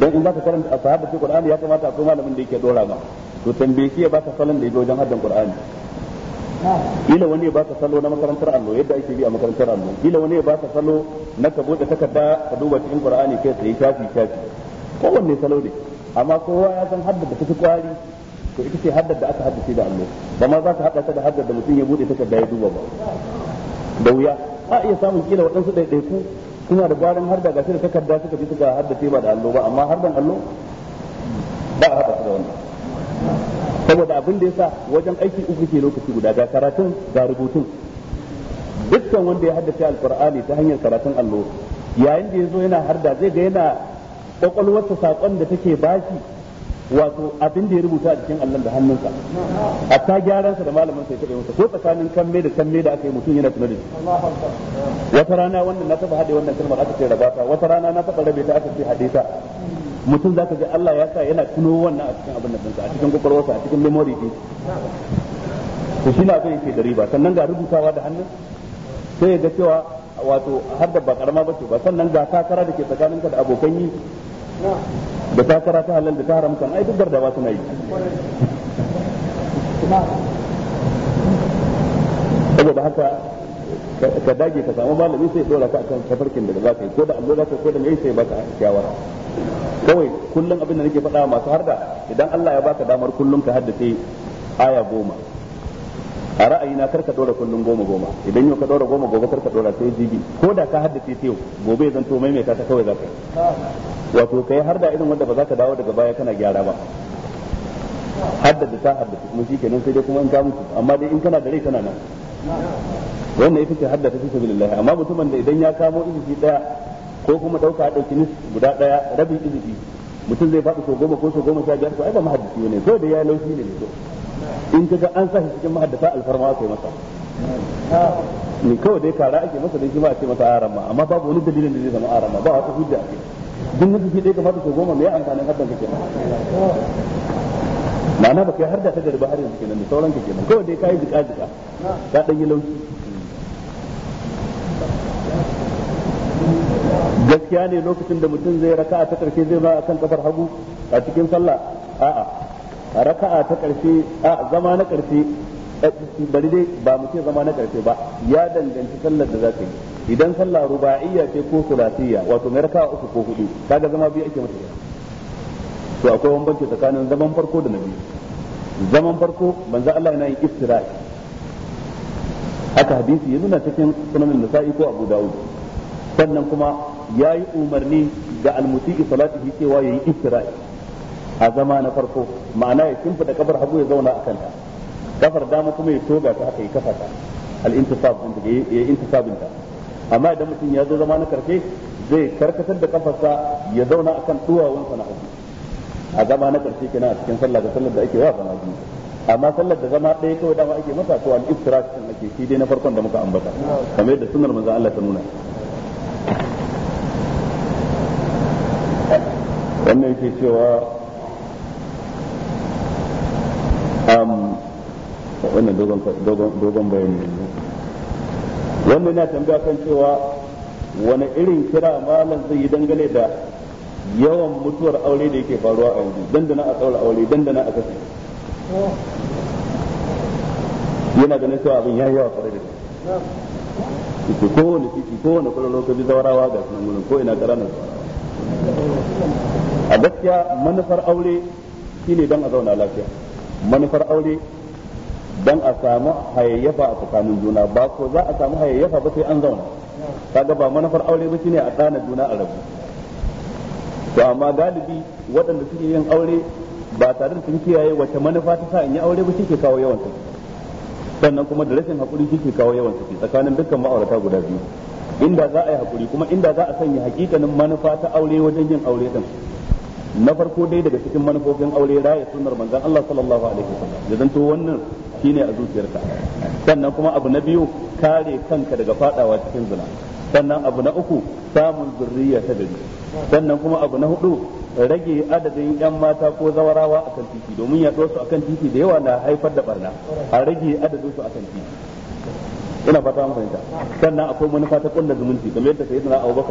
dan in za zaka karanta a ce qur'ani ya kamata akwai malamin da yake dora ma to tambaye shi ya baka salon da yake wajen haddan qur'ani ila wani ya baka salo na makarantar allo yadda ake bi a makarantar allo ila wani ya baka salo na ka bude takarda ka duba cikin qur'ani kai sai shafi shafi kowanne salo ne amma kowa ya san haddace ta kwari to ita ce haddar da aka haddace da allo ba ma za ka hada ta da haddar da mutum ya bude takarda ya duba ba da wuya a iya samun kila waɗansu ɗaiɗaiku suna da gwarin harda ga shi da takarda suka ji suka haddace ba da allo ba amma har dan allo ba a haɗa su da wannan saboda abin da yasa wajen aiki uku ke lokaci guda ga karatun ga rubutun dukkan wanda ya haddace alqur'ani ta hanyar karatun allo yayin da ya zo yana harda zai ga yana kwakwalwarsa sakon da take bashi wato abin da ya rubuta a cikin allon da hannunsa gyaran sa da malamin sai kaɗai masa ko tsakanin kanme da kanme da aka yi mutum yana tuna wata rana wannan na taba haɗe wannan kalmar aka ce rabata wata rana na taba rabe ta aka ce haɗe ta mutum zaka ga Allah ya sa yana tuno wannan a cikin abin da ɗinsa a cikin kwakwalwarsa a cikin memory din to shi na abin ke da riba sannan ga rubutawa da hannun sai ya ga cewa wato har da ba karama ba ce ba sannan ga takara da ke tsakaninka da abokan yi da fara ta halal da ta haramta kan ai duk gardawa suna yi saboda haka ka dage ka samu malami sai dora ka akan tafarkin da za ka yi ko da allo za ka ko da mai sai baka shawara kawai kullum abin da nake faɗa masu harda idan Allah ya baka damar kullum ka haddace aya goma a ra'ayi kar ka dora kullun goma goma idan yau ka dora goma gobe kar ka dora sai jibi ko da ka haddace ta gobe zan to maimaita ta kawai za ka yi wato kai har da irin wanda ba za ka dawo daga baya kana gyara ba haddada ta haddace kuma shi kenan sai dai kuma in ka mutu amma dai in kana da rai kana nan wannan ita ce haddata fi sabilillah amma mutumin da idan ya kamo izifi daya ko kuma dauka dauki nis guda daya rabin izifi mutum zai faɗi so goma ko so goma sha biyar ko ai ba mahaddaci ne ko da ya laushi ne ne to in kaga an sa shi cikin mahaddasa alfarma aka yi masa ni kawai dai kara ake masa dai shi ba a ce masa arama amma babu wani dalilin da zai zama arama ba wata hujja ake duk na fi dai kamata ko goma me amfanin haddan kake ma'ana ba kai har da ta garba har yanzu kenan da sauran ka kenan kawai dai kai jika jika ka dan yi lauki gaskiya ne lokacin da mutum zai raka'a ta karshe zai ba akan kafar hagu a cikin sallah a'a a raka'a ta karshe a zama na karshe eh, bari dai ba mu ce zama na karshe ba ya danganci sallar da zaka yi idan sallah ruba'iyya ce ko sulasiyya wato mai raka'a uku ko hudu kaga zama biyu ake mata to akwai bambanci tsakanin zaman farko da na biyu zaman farko manzo Allah yana yin iftira'i haka hadisi ya nuna cikin sunan nasa'i ko abu dawud sannan kuma ya yi umarni ga almusi'i salatihi cewa yi iftira'i a zama na farko ma'ana ya da kafar hagu ya zauna a kanta kafar dama kuma ya toga ta haka ya kafa ta al-intisab din da ya intisabin ta amma idan mutum ya zo zama na karshe zai karkatar da kafarsa ya zauna akan duwawunsa na hagu a zama na karshe kina a cikin sallah da sallar da ake wa zama biyu amma sallar da zama ɗaya kawai dama ake masa to al-iftirash din ake shi dai na farkon da muka ambata kamar yadda sunnar manzon Allah ta nuna wannan ke cewa wannan dogon bayani wannan na tambaya kan cewa wani irin kira malam zai yi dangane da yawan mutuwar aure da yake faruwa a yanzu dandana a tsaura aure dandana a kasa yana ganin cewa abin ya yi yawa kwarai da gaske ko wani titi ko wani kwallon lokaci zawarawa ga sunan wurin ko ina ƙaranar a gaskiya manufar aure shine don a zauna lafiya manufar aure dan a samu hayayyafa a tsakanin juna ba ko za a samu hayayyafa ba sai an zauna kaga ba manufar aure ba shine a tsana juna a rabu to amma galibi waɗanda suke yin aure ba tare da sun kiyaye wace manufa ta sa yi aure ba ke kawo yawan saki sannan kuma da rashin hakuri ke kawo yawan saki tsakanin dukkan ma'aurata guda biyu inda za a yi hakuri kuma inda za a sanya hakikanin manufa ta aure wajen yin aure din na farko dai daga cikin manufofin aure raya sunnar manzon Allah sallallahu alaihi wasallam da zanto wannan shine a zuciyarka sannan kuma abu na biyu kare kanka daga fadawa cikin zina sannan abu na uku samun zurriya ta gari sannan kuma abu na hudu rage adadin yan mata ko zawarawa a kan titi domin ya su kan titi da yawa na haifar da barna a rage adadin su a kan titi ina fata mun fahimta sannan akwai manufa ta kullu zumunci kamar yadda sayyidina Abubakar